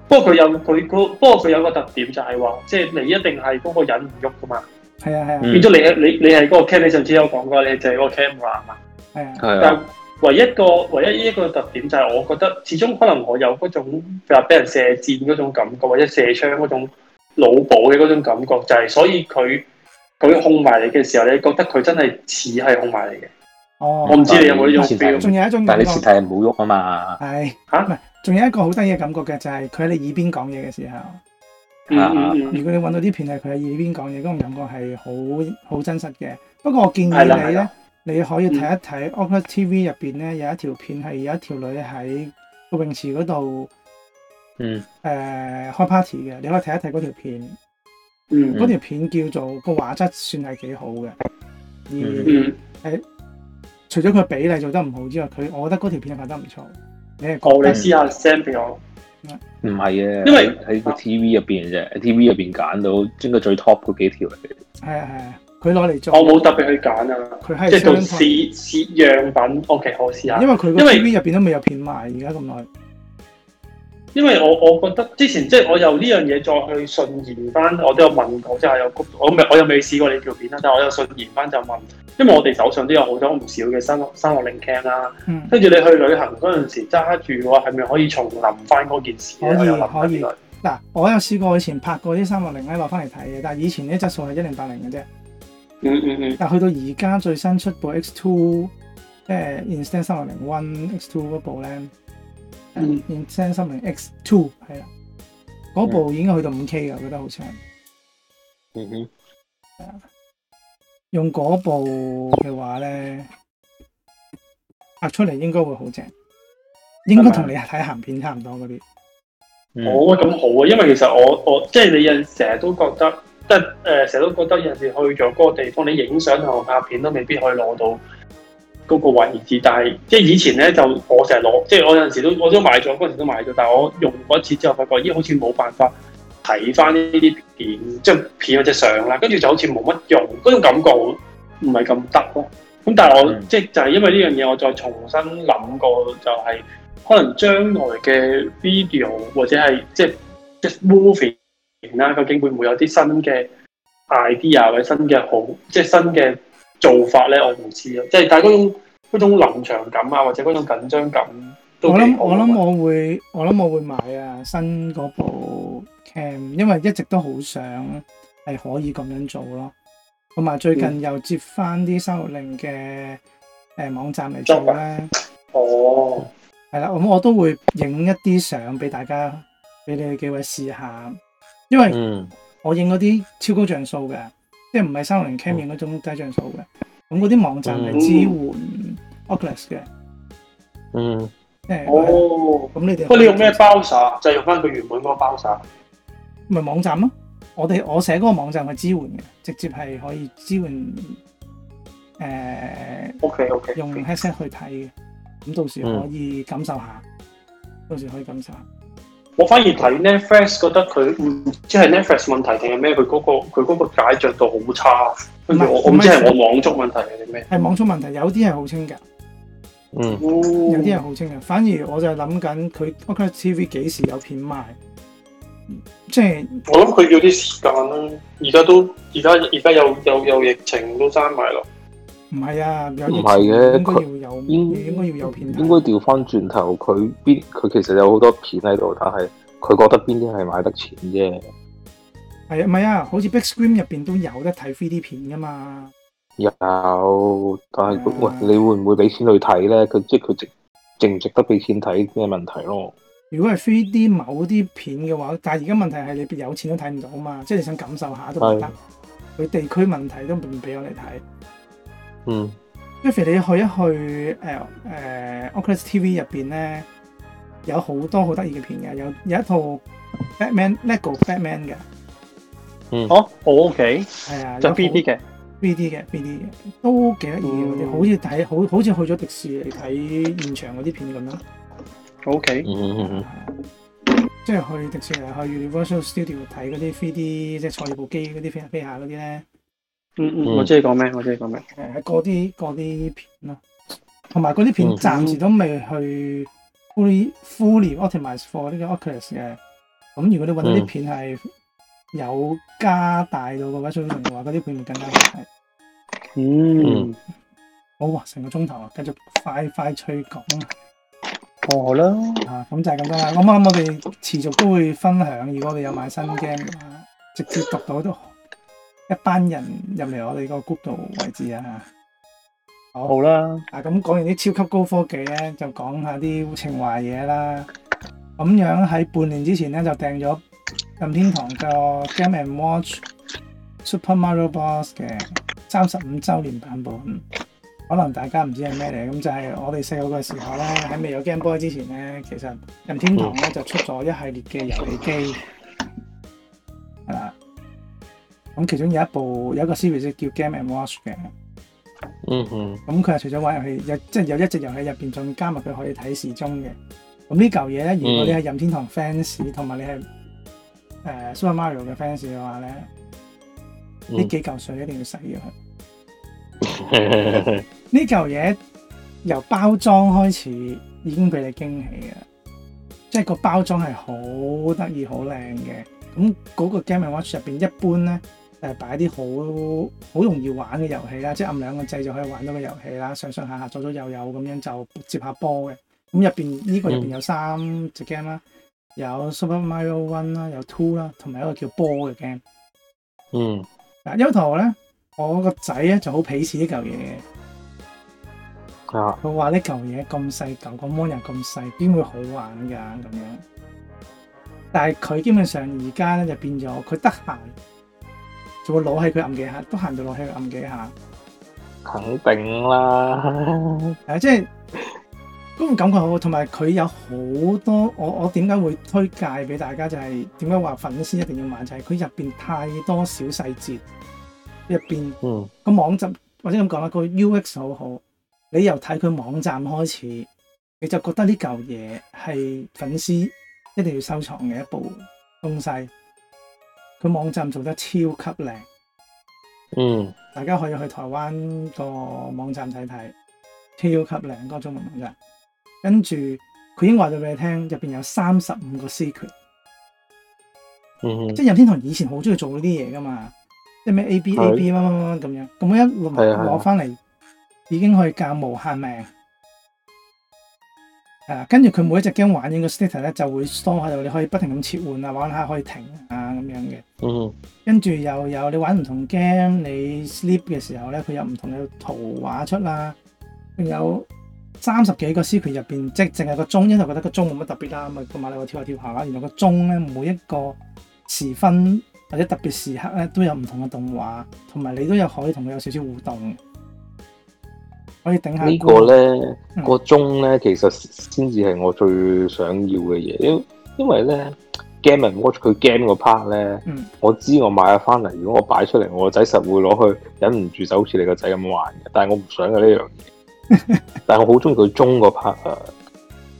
不過佢有佢不過佢有個特點就係話，即係你一定係嗰個人唔喐噶嘛。係啊係啊。變咗你你你係嗰個 cam，你上次有講過，你就係個 camera 啊嘛。係啊。但係唯一個唯一呢一個特點就係，我覺得始終可能我有嗰種譬如話俾人射箭嗰種感覺，或者射槍嗰種腦補嘅嗰種感覺，就係、是、所以佢。佢控埋你嘅時候，你覺得佢真係似係控埋你嘅。哦、嗯，我唔知你有冇呢種 feel。仲有一種感覺，但係你實體係冇喐啊嘛。係。吓、啊，唔係，仲有一個好得意嘅感覺嘅，就係佢喺你耳邊講嘢嘅時候、啊啊。如果你揾到啲片係佢喺耳邊講嘢，嗰種感覺係好好真實嘅。不過我建議你咧，你可以睇一睇 Opera TV 入邊咧有一條片係有一條女喺個泳池嗰度，嗯，誒、嗯呃、開 party 嘅。你可以睇一睇嗰條片。嗰、mm -hmm. 條片叫做個畫質算係幾好嘅，而誒除咗佢比例做得唔好之外，佢我覺得嗰條片拍得唔錯。你過、oh, 你試下 send 俾我，唔係啊，因為喺個 TV 入邊啫，喺 TV 入邊揀到整個最 top 嗰幾條。係啊係啊，佢攞嚟做。我冇特別去揀啊，佢係即係做試試樣品。O K，我試下。因為佢因為 TV 入邊都未有片埋而家咁耐。因為我我覺得之前即係我由呢樣嘢再去順延翻，我都有問過即係有我未我又未試過呢條片啦，但係我有順延翻就問，因為我哋手上都有好多唔少嘅三六三六零 cam 啦，跟、嗯、住你去旅行嗰陣時揸住嘅話，係咪可以重臨翻嗰件事可以可以。嗱，我有試過以前拍過啲三六零咧，落翻嚟睇嘅，但係以前啲質素係一零八零嘅啫。嗯嗯嗯。但去到而家最新出部 X Two，即係 Insta 三六零 One X Two 部咧。Insta360 X Two 係啦，嗰部已經去到五 K 噶，我覺得好正。嗯哼，用嗰部嘅話咧，拍出嚟應該會好正，應該同你睇鹹片差唔多嗰啲。哦、mm -hmm.，咁好啊，因為其實我我即係你有成日都覺得，即係誒成日都覺得有陣時去咗嗰個地方，你影相同拍片都未必可以攞到。嗰、那個位置但係即係以前咧就我成日攞，即係我有陣時都我都買咗，嗰、那、陣、個、時都買咗，但係我用過一次之後，發覺咦好似冇辦法睇翻呢啲片，即係片或者相啦，跟住就好似冇乜用，嗰種感覺唔係咁得咯。咁但係我即係、嗯、就係因為呢樣嘢，我再重新諗過、就係，就係可能將來嘅 video 或者係即係即係 movie 啦，究竟會唔會有啲新嘅 idea 或者新嘅好即係新嘅做法咧，我唔知啊，即係但係嗰種嗰種臨場感啊，或者嗰種緊張感，啊，我諗我諗我會我諗我會買啊新嗰部 Cam，因為一直都好想係可以咁樣做咯，同埋最近又接翻啲三六零嘅誒網站嚟做啦、嗯。哦，係啦，我我都會影一啲相俾大家，俾你哋幾位試下，因為我影嗰啲超高像素嘅。即係唔係三六零 camera 嗰種低像素嘅，咁嗰啲網站係支援 Oculus 嘅，嗯，即係哦，咁你哋，不過你用咩 browser 就用翻佢原本嗰個 browser 咪網站咯，我哋我寫嗰個網站係支援嘅，直接係可以支援，誒、呃、OK OK，用 headset 去睇嘅，咁到時可以感受下、嗯，到時可以感受下。我反而睇 Netflix 覺得佢，即係 Netflix 問題定係咩？佢嗰、嗰個佢嗰個解著度好差，跟住我唔知係我網速問題定係咩？係網速問題，有啲係好清嘅，嗯，有啲係好清嘅。反而我就諗緊佢 UKTV 幾時有片賣，即係我諗佢要啲時間啦。而家都而家而家有有有疫情都閂埋咯。唔係啊，唔係嘅，佢應該要有，應該要有片。應該調翻轉頭，佢邊佢其實有好多片喺度，但係佢覺得邊啲係買得錢啫。係啊，唔係啊，好似 Big Screen 入邊都有得睇 3D 片噶嘛。有，但係喂，你會唔會俾錢去睇咧？佢即係佢值值唔值得俾錢睇啲嘅問題咯。如果係 3D 某啲片嘅話，但係而家問題係你有錢都睇唔到啊嘛，即係你想感受下都唔得。佢地區問題都唔俾我哋睇。嗯，除非你去一去誒誒、uh, uh,，Oculus TV 入邊咧，有好多好得意嘅片嘅，有有一套 Batman Lego Batman 嘅，嗯，哦，好 OK，係啊，有 3D 嘅 3D 嘅 3D 嘅，都幾得意嘅嗰啲，好似睇好好似去咗迪士尼睇現場嗰啲片咁樣，OK，嗯嗯，即係去迪士尼去 Universal Studio 睇嗰啲 3D，即係坐住部機嗰啲飛下飛下嗰啲咧。嗯、mm、嗯 -hmm.，我知你講咩？我知你講咩？係嗰啲啲片啦，同埋嗰啲片暫時都未去 fully fully optimize for 呢個 Oculus 嘅。咁如果你搵啲片係有加大到的、mm -hmm. 大 mm -hmm. 個位數，話啲片更加係。嗯，好啊，成個鐘頭啊，繼續快快脆講，好啦，吓、啊、咁就係咁多啦。Mm -hmm. 我我哋持續都會分享，如果我哋有買新 game，直接讀到都。一班人入嚟我哋個 group 度位置啊。好，好啦，啊咁講完啲超級高科技咧，就講下啲情懷嘢啦。咁樣喺半年之前咧就訂咗任天堂個 Game and Watch Super Mario Bros 嘅三十五周年版本。可能大家唔知係咩嚟，咁就係我哋細個嘅時候咧，喺未有 Game Boy 之前咧，其實任天堂咧就出咗一系列嘅遊戲機。咁其中有一部有一個 series 叫 Game and Watch 嘅，嗯哼，咁佢係除咗玩遊戲，有即係有一隻遊戲入邊仲加入佢可以睇時鐘嘅。咁呢嚿嘢咧，如果你係任天堂 fans 同埋你係誒 Super Mario 嘅 fans 嘅話咧，呢幾嚿水一定要洗咗佢。呢嚿嘢由包裝開始已經俾你驚喜嘅，即係個包裝係好得意、好靚嘅。咁嗰個 Game and Watch 入邊一般咧。誒擺啲好好容易玩嘅遊戲啦，即係按兩個掣就可以玩到個遊戲啦，上上下下左左右右咁樣就接下波嘅。咁入邊呢個入邊有三隻 game 啦，有 Super Mario One 啦，有 Two 啦，同埋一個叫波嘅 game。嗯，嗱，因為頭咧，我個仔咧就好鄙視呢嚿嘢。啊！佢話呢嚿嘢咁細，嚿個 mon 又咁細，邊會好玩㗎？啊，咁樣。但係佢基本上而家咧就變咗，佢得閒。會攞起佢按幾下，都行到攞起佢按幾下。肯定啦，係啊，即係嗰個感覺好，同埋佢有好多，我我點解會推介俾大家，就是，就係點解話粉絲一定要買，就係佢入邊太多小細節，入邊，個、嗯、網站或者咁講啦，個 UX 好好。你由睇佢網站開始，你就覺得呢嚿嘢係粉絲一定要收藏嘅一部東西。佢網站做得超級靚，嗯，大家可以去台灣個網站睇睇，超級靚個中文網站。跟住佢已經話咗俾你聽，入邊有三十五個 secret，嗯，即係任天堂以前好中意做嗰啲嘢噶嘛，即係咩 A B A B 乜乜乜咁樣，咁一攞翻嚟已經可以教無限命。係、啊、跟住佢每一隻 game 玩完個 state 咧就會 store 喺度，你可以不停咁切換啊，玩下可以停啊咁樣嘅。嗯、uh -huh.，跟住又有你玩唔同嘅 game，你 sleep 嘅時候咧，佢有唔同嘅圖畫出啦，仲有三十幾個詩篇入邊，即係淨係個鐘，因為覺得個鐘冇乜特別啦，咁啊個馬里奧跳下跳下啦，原來個鐘咧每一個時分或者特別時刻咧都有唔同嘅動畫，同埋你都有可以同佢有少少互動。可以下、這個、呢、嗯呢個咧個鐘咧，其實先至係我最想要嘅嘢，因因為咧 Game and Watch 佢 game 個 part 咧，我知我買咗翻嚟，如果我擺出嚟，我個仔實會攞去，忍唔住就好似你個仔咁玩嘅。但係我唔想有呢樣嘢， *laughs* 但係我好中意佢鐘個 part 啊。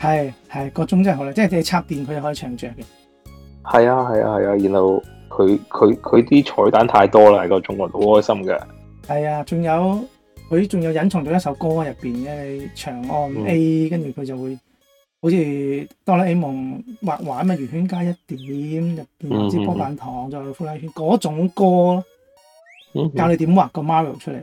係 *laughs* 係、個鐘真係好靚，即係你插電佢就可以長着嘅。係啊係啊係啊，然後佢佢佢啲彩蛋太多啦，個鐘我好開心嘅。係啊，仲有。佢仲有隱藏咗一首歌入邊嘅《長按 A、嗯》，跟住佢就會好似《哆啦 A 夢》畫畫咁啊，圓圈加一點入邊有支波板糖，再呼啦圈嗰種歌，嗯、教你點畫個 Mario 出嚟、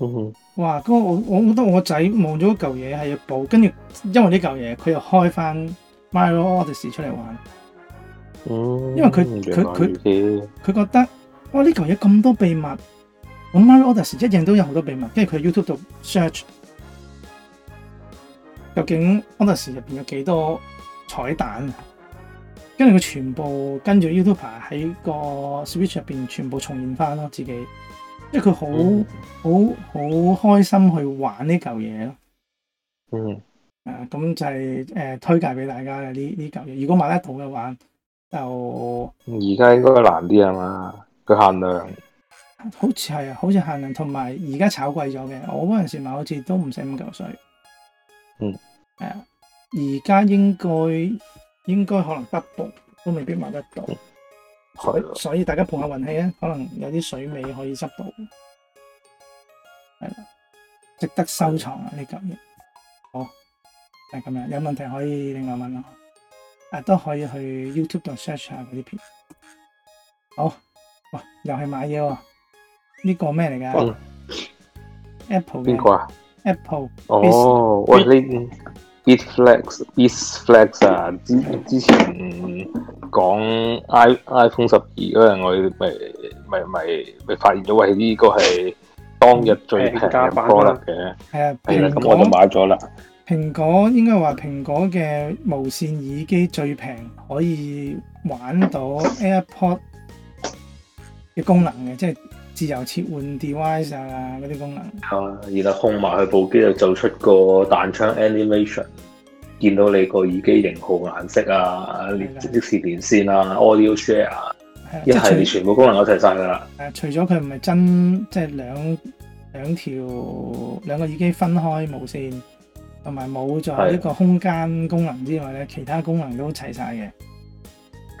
嗯。哇！咁我我覺得我，我，我仔望咗嗰嚿嘢係一部，跟住因為呢嚿嘢，佢又開翻 Mario Odyssey 出嚟玩。哦，因為佢佢佢佢覺得哇！呢嚿嘢咁多秘密。咁《Mario Odyssey》一樣都有好多秘密，跟住佢 YouTube 度 search，究竟 Odyssey 入邊有幾多彩蛋？跟住佢全部跟住 YouTuber 喺個 Switch 入邊全部重現翻咯，自己，即係佢好好好開心去玩呢嚿嘢咯。嗯，啊，咁就係誒推介俾大家嘅呢呢嚿嘢，如果買得到嘅話，就而家應該難啲啊嘛，佢限量。好似係啊，好似限量，同埋而家炒貴咗嘅。我嗰陣時買好似都唔使五嚿水，嗯，係啊。而家應該應該可能 double 都未必買得到，係。所以大家碰下運氣啊，可能有啲水尾可以執到，係啦，值得收藏啊呢嚿嘢。好，係咁樣，有問題可以另外問咯。啊，都可以去 YouTube 度 search 下嗰啲片。好，哇，又係買嘢喎。呢、嗯、個咩嚟噶？Apple 邊個啊？Apple 哦，我呢 Beats Flex Beats Flex 啊，之之前講 iPhone 十二嗰陣，我咪咪咪咪發現咗，喂呢個係當日最平嘅，係嘅。係啊，咁我就買咗啦。蘋果應該話蘋果嘅無線耳機最平，可以玩到 AirPod 嘅功能嘅，即係。自由切換 device 啊嗰啲功能，啊，然後控埋佢部機就做出個彈窗 animation，見到你個耳機型號、顏色啊，連即時連線啊的，audio share，一係你全部功能都齊晒噶啦。誒，除咗佢唔係真，即係兩兩條兩個耳機分開無線，同埋冇咗一個空間功能之外咧，其他功能都齊晒嘅。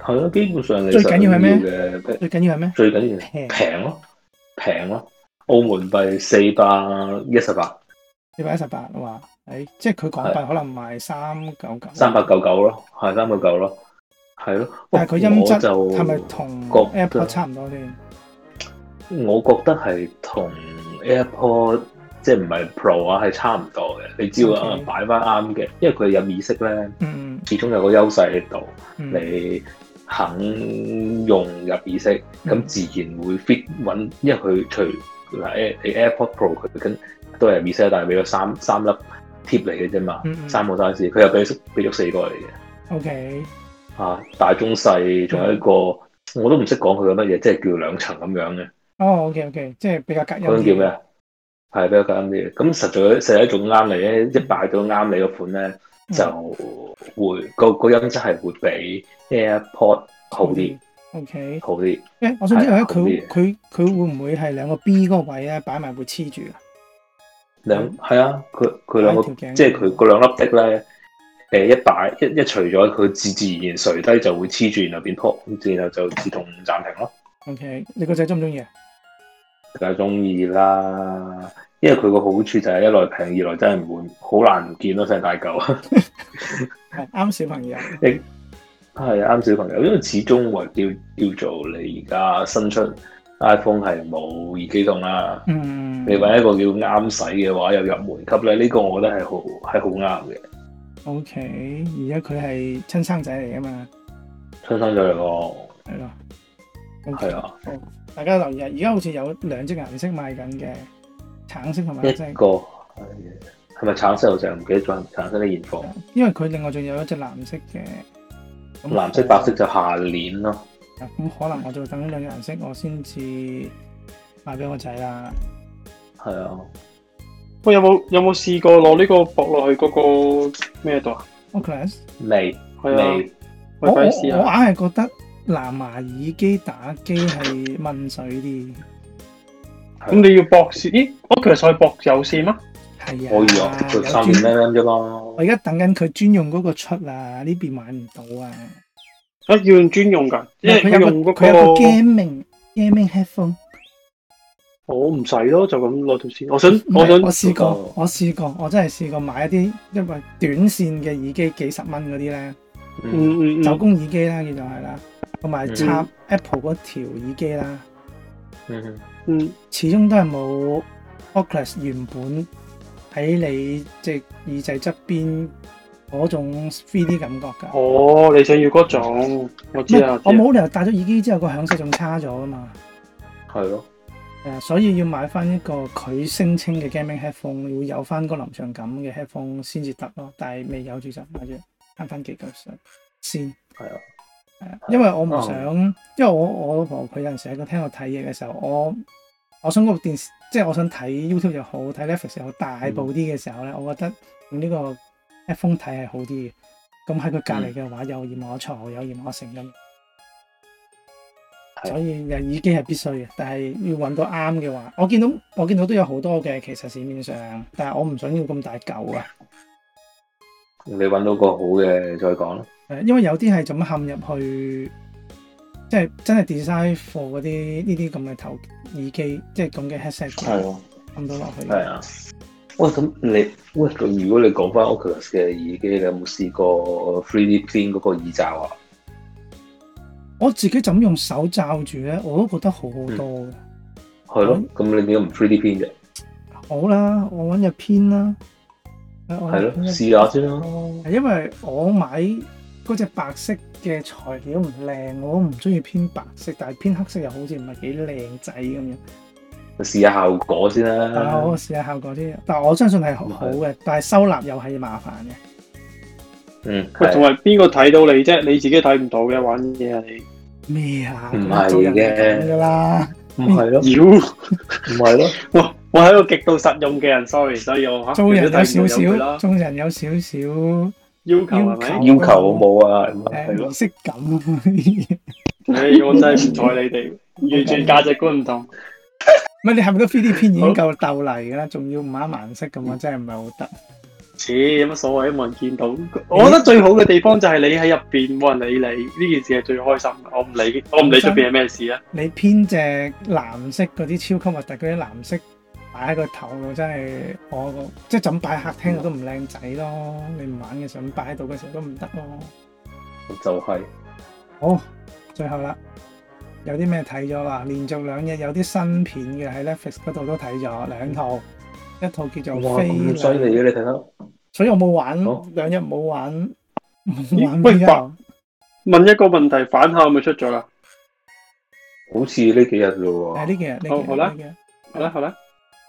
係啊，基本上你最緊要係咩？最緊要係咩？最緊要平咯。平咯，澳門幣四百一十八，四百一十八啊嘛，誒，即係佢港幣可能賣三九九，三百九九咯，係三百九咯，係咯。但係佢音質係咪同 Apple 差唔多啲？我覺得係同 Apple 即係唔係 Pro 啊、okay. 啊，係差唔多嘅。你只要擺翻啱嘅，因為佢入耳式咧，始、mm、終 -hmm. 有個優勢喺度，mm -hmm. 你。肯用入耳式，咁自然會 fit 穩、嗯，因為佢除嗱 Air AirPod Pro 佢跟都係入耳式，但係俾咗三三粒貼嚟嘅啫嘛，三個 size，佢又俾咗俾咗四個嚟嘅。O、okay. K 啊，大中細仲有一個，嗯、我都唔識講佢係乜嘢，即係叫兩層咁樣嘅。哦，O K O K，即係比較隔音的。嗰款叫咩啊？係比較隔音啲嘅。咁實在實在仲啱你咧，即係擺到啱你個款咧。就會個、那個音質係會比 AirPod 好啲、嗯、，OK 好啲。誒，我想知道，佢佢佢會唔會係兩個 B 嗰個位咧擺埋會黐住兩啊？兩係啊，佢佢兩個即係佢嗰兩粒滴咧，誒一擺一一除咗佢自自然然垂低就會黐住，然後變 pop，然後就自動暫停咯。OK，你個仔中唔中意啊？梗係中意啦。因為佢個好處就係一來平，二來真係唔會好難唔見咯，成大舊係啱小朋友，係啱小朋友，因為始終話叫叫做你而家新出 iPhone 係冇二機種啦，嗯，你搵一個叫啱使嘅話又入門級咧，呢個我覺得係好係好啱嘅。OK，而家佢係親生仔嚟噶嘛，親生仔嚟個係咯，係啊係，大家留意，而家好似有兩隻顏色賣緊嘅。橙色同埋呢一個係係咪橙色？我就唔記得咗橙色啲現貨，因為佢另外仲有一隻藍色嘅。藍色白色就下年咯。咁、嗯、可能我就等呢兩隻顏色我我、啊有有有有 okay.，我先至賣俾我仔啦。係啊，我有冇有冇試過攞呢個薄落去嗰個咩度啊 Oculus 未？未？我我硬係覺得藍牙耳機打機係問水啲。咁你要駁線？咦，我其實可以駁有線啊，係啊，可以啊，就三元 M M 啫嘛。我而家等緊佢專用嗰個出啊，呢邊買唔到啊。所以要用專用㗎，因為佢用嗰個。佢有個 gaming gaming headphone。我唔使咯，就咁攞條線。我想，我想，我試過，我試過，我真係試過買一啲因為短線嘅耳機幾十蚊嗰啲咧，嗯嗯嗯，手工耳機啦，叫做係啦，同埋插 Apple 嗰條耳機啦，嗯。嗯，始終都係冇 Oculus 原本喺你隻耳仔側邊嗰種 3D 感覺噶哦，你想要嗰種，我知啊。我冇理由戴咗耳機之後個響聲仲差咗啊嘛。係咯。誒、呃，所以要買翻一個佢聲稱嘅 gaming headphone，會有翻個臨場感嘅 headphone 先至得咯。但係未有住就買咗慳翻幾嚿水。是。係啊。因為我唔想，哦，因為我我老婆佢有陣時喺個廳度睇嘢嘅時候，我我想嗰部電視，即係我想睇 YouTube 又好，睇 Netflix 又好，大部啲嘅時候咧，嗯，我覺得用呢個 iPhone 睇係好啲嘅。咁喺佢隔籬嘅話有嫌我嘈，有嫌我成咁。所以人耳機係必須嘅，但係要搵到啱嘅話，我見到我見到都有好多嘅，其實市面上，但係我唔想要咁大舊啊。你搵到一個好嘅再講咯。因為有啲係咁乜嵌入去，即係真係 design 貨嗰啲呢啲咁嘅頭耳機，即係咁嘅 headset，咁到落去。係啊，哇咁、啊、你哇咁如果你講翻 Oculus 嘅耳機，你有冇試過 f r e e D Pin 嗰個耳罩啊？我自己就咁用手罩住咧，我都覺得好好多嘅。係、嗯、咯，咁你點解唔 f r e e D Pin 啫？好啦，我搵日偏啦。係咯，試下先咯。係因為我買。嗰隻白色嘅材料唔靚，我唔中意偏白色，但係偏黑色又好似唔係幾靚仔咁樣。試下效果先啦。啊，試下效果先，但係我相信係好嘅，但係收納又係麻煩嘅。嗯，喂，仲係邊個睇到你啫？你自己睇唔到嘅，玩嘢啊！咩啊？唔係嘅啦，唔係咯，妖，唔係咯。哇！我係一個極度實用嘅人，sorry，所以我吓。做人有少少，做人有少少。要求係咪？要求好冇啊，係咪？係咯，色感啊啲嘢。哎，我真係唔睬你哋，完全價值觀唔同。唔係你係咪都 three D 片研究斗嚟噶啦？仲要唔啱顏色咁啊，真係唔係好得。切，有乜所謂？冇人見到。我覺得最好嘅地方就係你喺入邊冇人理你，呢件事係最開心。我唔理，我唔理出邊係咩事啊。你編隻藍色嗰啲超級核突嗰啲藍色。擺喺個頭，真係我個即係想擺喺客廳都唔靚仔咯。你唔玩嘅想擺喺度嘅時候都唔得咯。就係好，最後啦，有啲咩睇咗啦？連續兩日有啲新片嘅喺 Netflix 嗰度都睇咗兩套，一套叫做《飛水》嚟嘅，你睇到？所以我冇玩，兩日冇玩。喂，白，問一個問題，反派咪出咗啦？好似呢幾日咯喎。係呢幾日，好，好啦，好啦，好啦。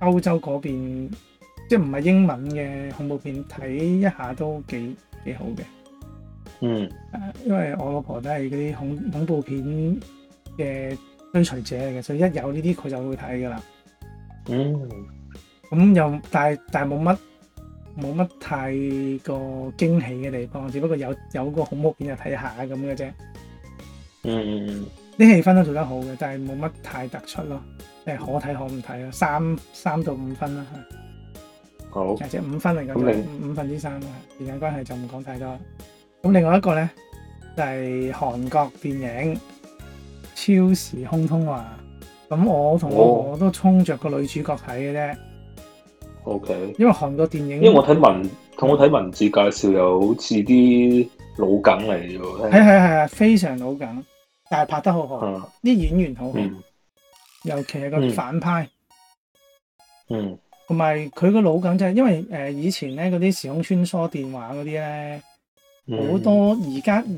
歐洲嗰邊，即係唔係英文嘅恐怖片，睇一下都幾幾好嘅，嗯，因為我老婆都係嗰啲恐恐怖片嘅追隨者嚟嘅，所以一有呢啲佢就會睇噶啦。嗯，咁又但係但係冇乜冇乜太過驚喜嘅地方，只不過有有個恐怖片就睇下咁嘅啫。嗯，啲氣氛都做得好嘅，但係冇乜太突出咯。即可睇可唔睇咯，三三到五分啦吓。好，即係五分嚟咁五分之三啦。時間關係就唔講太多。咁另外一個咧就係、是、韓國電影《超時空通話》我我。咁我同我都衝着個女主角睇嘅啫。O、okay、K，因為韓國電影，因為我睇文，同我睇文字介紹，又好似啲老梗嚟嘅喎。係係係啊，非常老梗，但係拍得好好，啲、嗯、演員好好。嗯尤其係個反派，嗯，同埋佢個老梗就係，因為誒以前咧嗰啲時空穿梭電話嗰啲咧，好、嗯、多而家而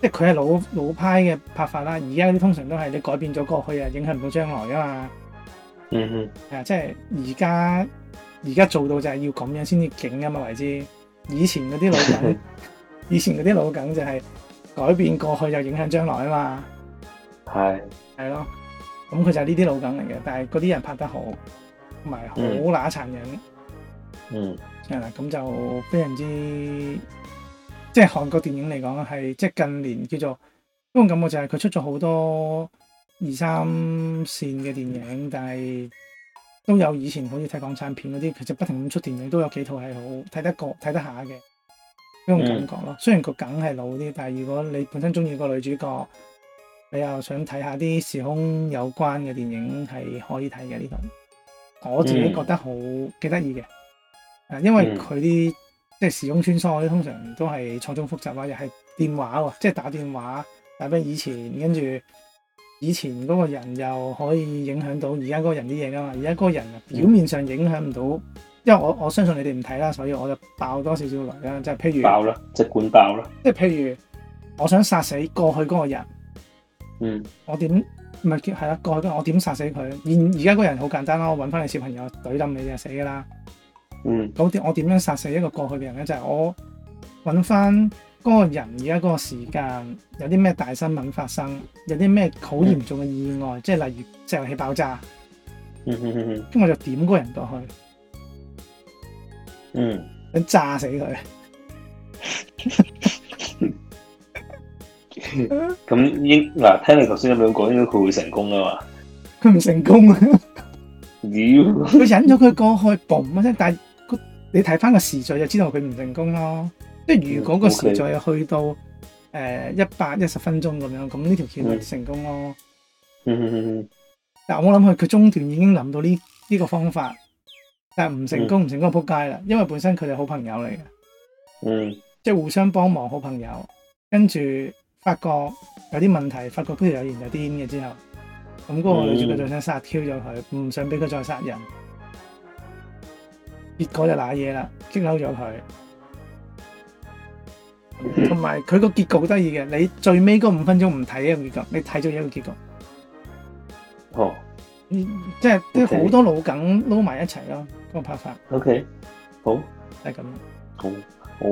即係佢係老老派嘅拍法啦。而家啲通常都係你改變咗過去啊，影響唔到將來噶嘛。嗯哼，誒、嗯，即係而家而家做到就係要咁樣先至景啊嘛，為之以前嗰啲老梗，以前嗰啲老梗就係改變過去就影響將來啊嘛。係係咯。咁佢就係呢啲老梗嚟嘅，但係嗰啲人拍得好，同埋好乸殘忍。嗯，係啦，咁就非常之，即係韓國電影嚟講係，即係近年叫做呢種感覺就係佢出咗好多二三線嘅電影，但係都有以前好似睇港產片嗰啲，其實不停咁出電影，都有幾套係好睇得過睇得下嘅呢種感覺咯、嗯。雖然個梗係老啲，但係如果你本身中意個女主角。你又想睇下啲時空有關嘅電影，係可以睇嘅，呢度我自己覺得好幾得意嘅。啊、嗯，因為佢啲、嗯、即係時空穿梭啲，通常都係錯綜複雜啊，又係電話喎，即係打電話打俾以前，跟住以前嗰個人又可以影響到而家嗰個人啲嘢噶嘛。而家嗰個人表面上影響唔到、嗯，因為我我相信你哋唔睇啦，所以我就爆多少少嚟啦。即係譬如爆啦，即管爆啦。即係譬如我想殺死過去嗰個人。嗯， *noise* 我點唔係係，過去我點殺死佢？現而家嗰個人好簡單咯，我揾翻你小朋友懟冧你就死㗎喇。嗯，咁 *noise* 我點樣殺死一個過去嘅人咧？就係、是、我揾翻嗰個人，而家嗰個時間有啲咩大新聞發生，有啲咩好嚴重嘅意外，即係 *noise* 例如石油氣爆炸。嗯嗯嗯嗯，咁 *noise* 我就點嗰個人過去。嗯，想 *noise* *noise* 炸死佢。 *laughs* 咁應嗱，聽你頭先咁樣講，應該佢會成功噶嘛？佢唔成功啊？佢忍咗佢過去，嘣一聲，但係你睇翻個時序就知道佢唔成功咯。即係如果個時序去到誒一百一十分鐘咁樣，咁呢條線咪成功咯？嗯嗯嗯。但係我諗佢，佢中段已經諗到呢、呢、呢個方法，但係唔成功，唔 *laughs* 成功撲街啦。因為本身佢哋好朋友嚟嘅，嗯，即係互相幫忙，好朋友，跟住。發覺有啲問題，發覺跟住又完又癲嘅之後，咁嗰個女主角就想殺 Q 咗佢，唔、嗯、想俾佢再殺人，結果就瀨嘢啦，激嬲咗佢。同埋佢個結局得意嘅，你最尾嗰五分鐘唔睇嘅結局，你睇咗一個結局。哦，即係都好多老梗撈埋一齊咯，個拍法。O、okay. K，好，係、就、咁、是，好，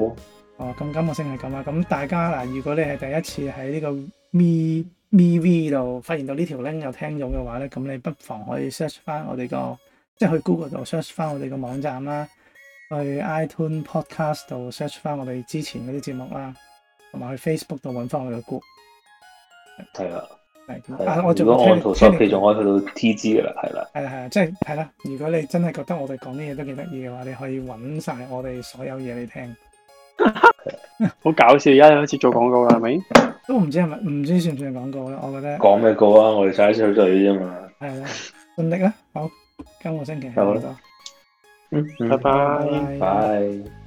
好。哦，咁今個星期咁啦，咁大家嗱，如果你係第一次喺呢個 Me MV 度發現到呢條 link 又聽咗嘅話咧，咁你不妨可以 search 翻我哋個，即、嗯、係、就是、去 Google 度 search 翻我哋個網站啦、嗯，去 iTune Podcast 度 search 翻我哋之前嗰啲節目啦，同埋去 Facebook 度搵翻我哋個 group。係啊，係啊我，如果按圖索驥仲可以去到 TG 噶啦，係啦，係啊係啊，即係係啦。如果你真係覺得我哋講啲嘢都幾得意嘅話，你可以搵晒我哋所有嘢嚟聽。好 *laughs* 搞笑，而家有開始做廣告啦，係咪？都唔知係咪，唔知算唔算廣告啦。我覺得講咩告啊？我哋洗洗水啫嘛。係 *laughs* 啦，盡力啦。好，今個星期好啦，嗯，拜拜，拜，拜。拜拜。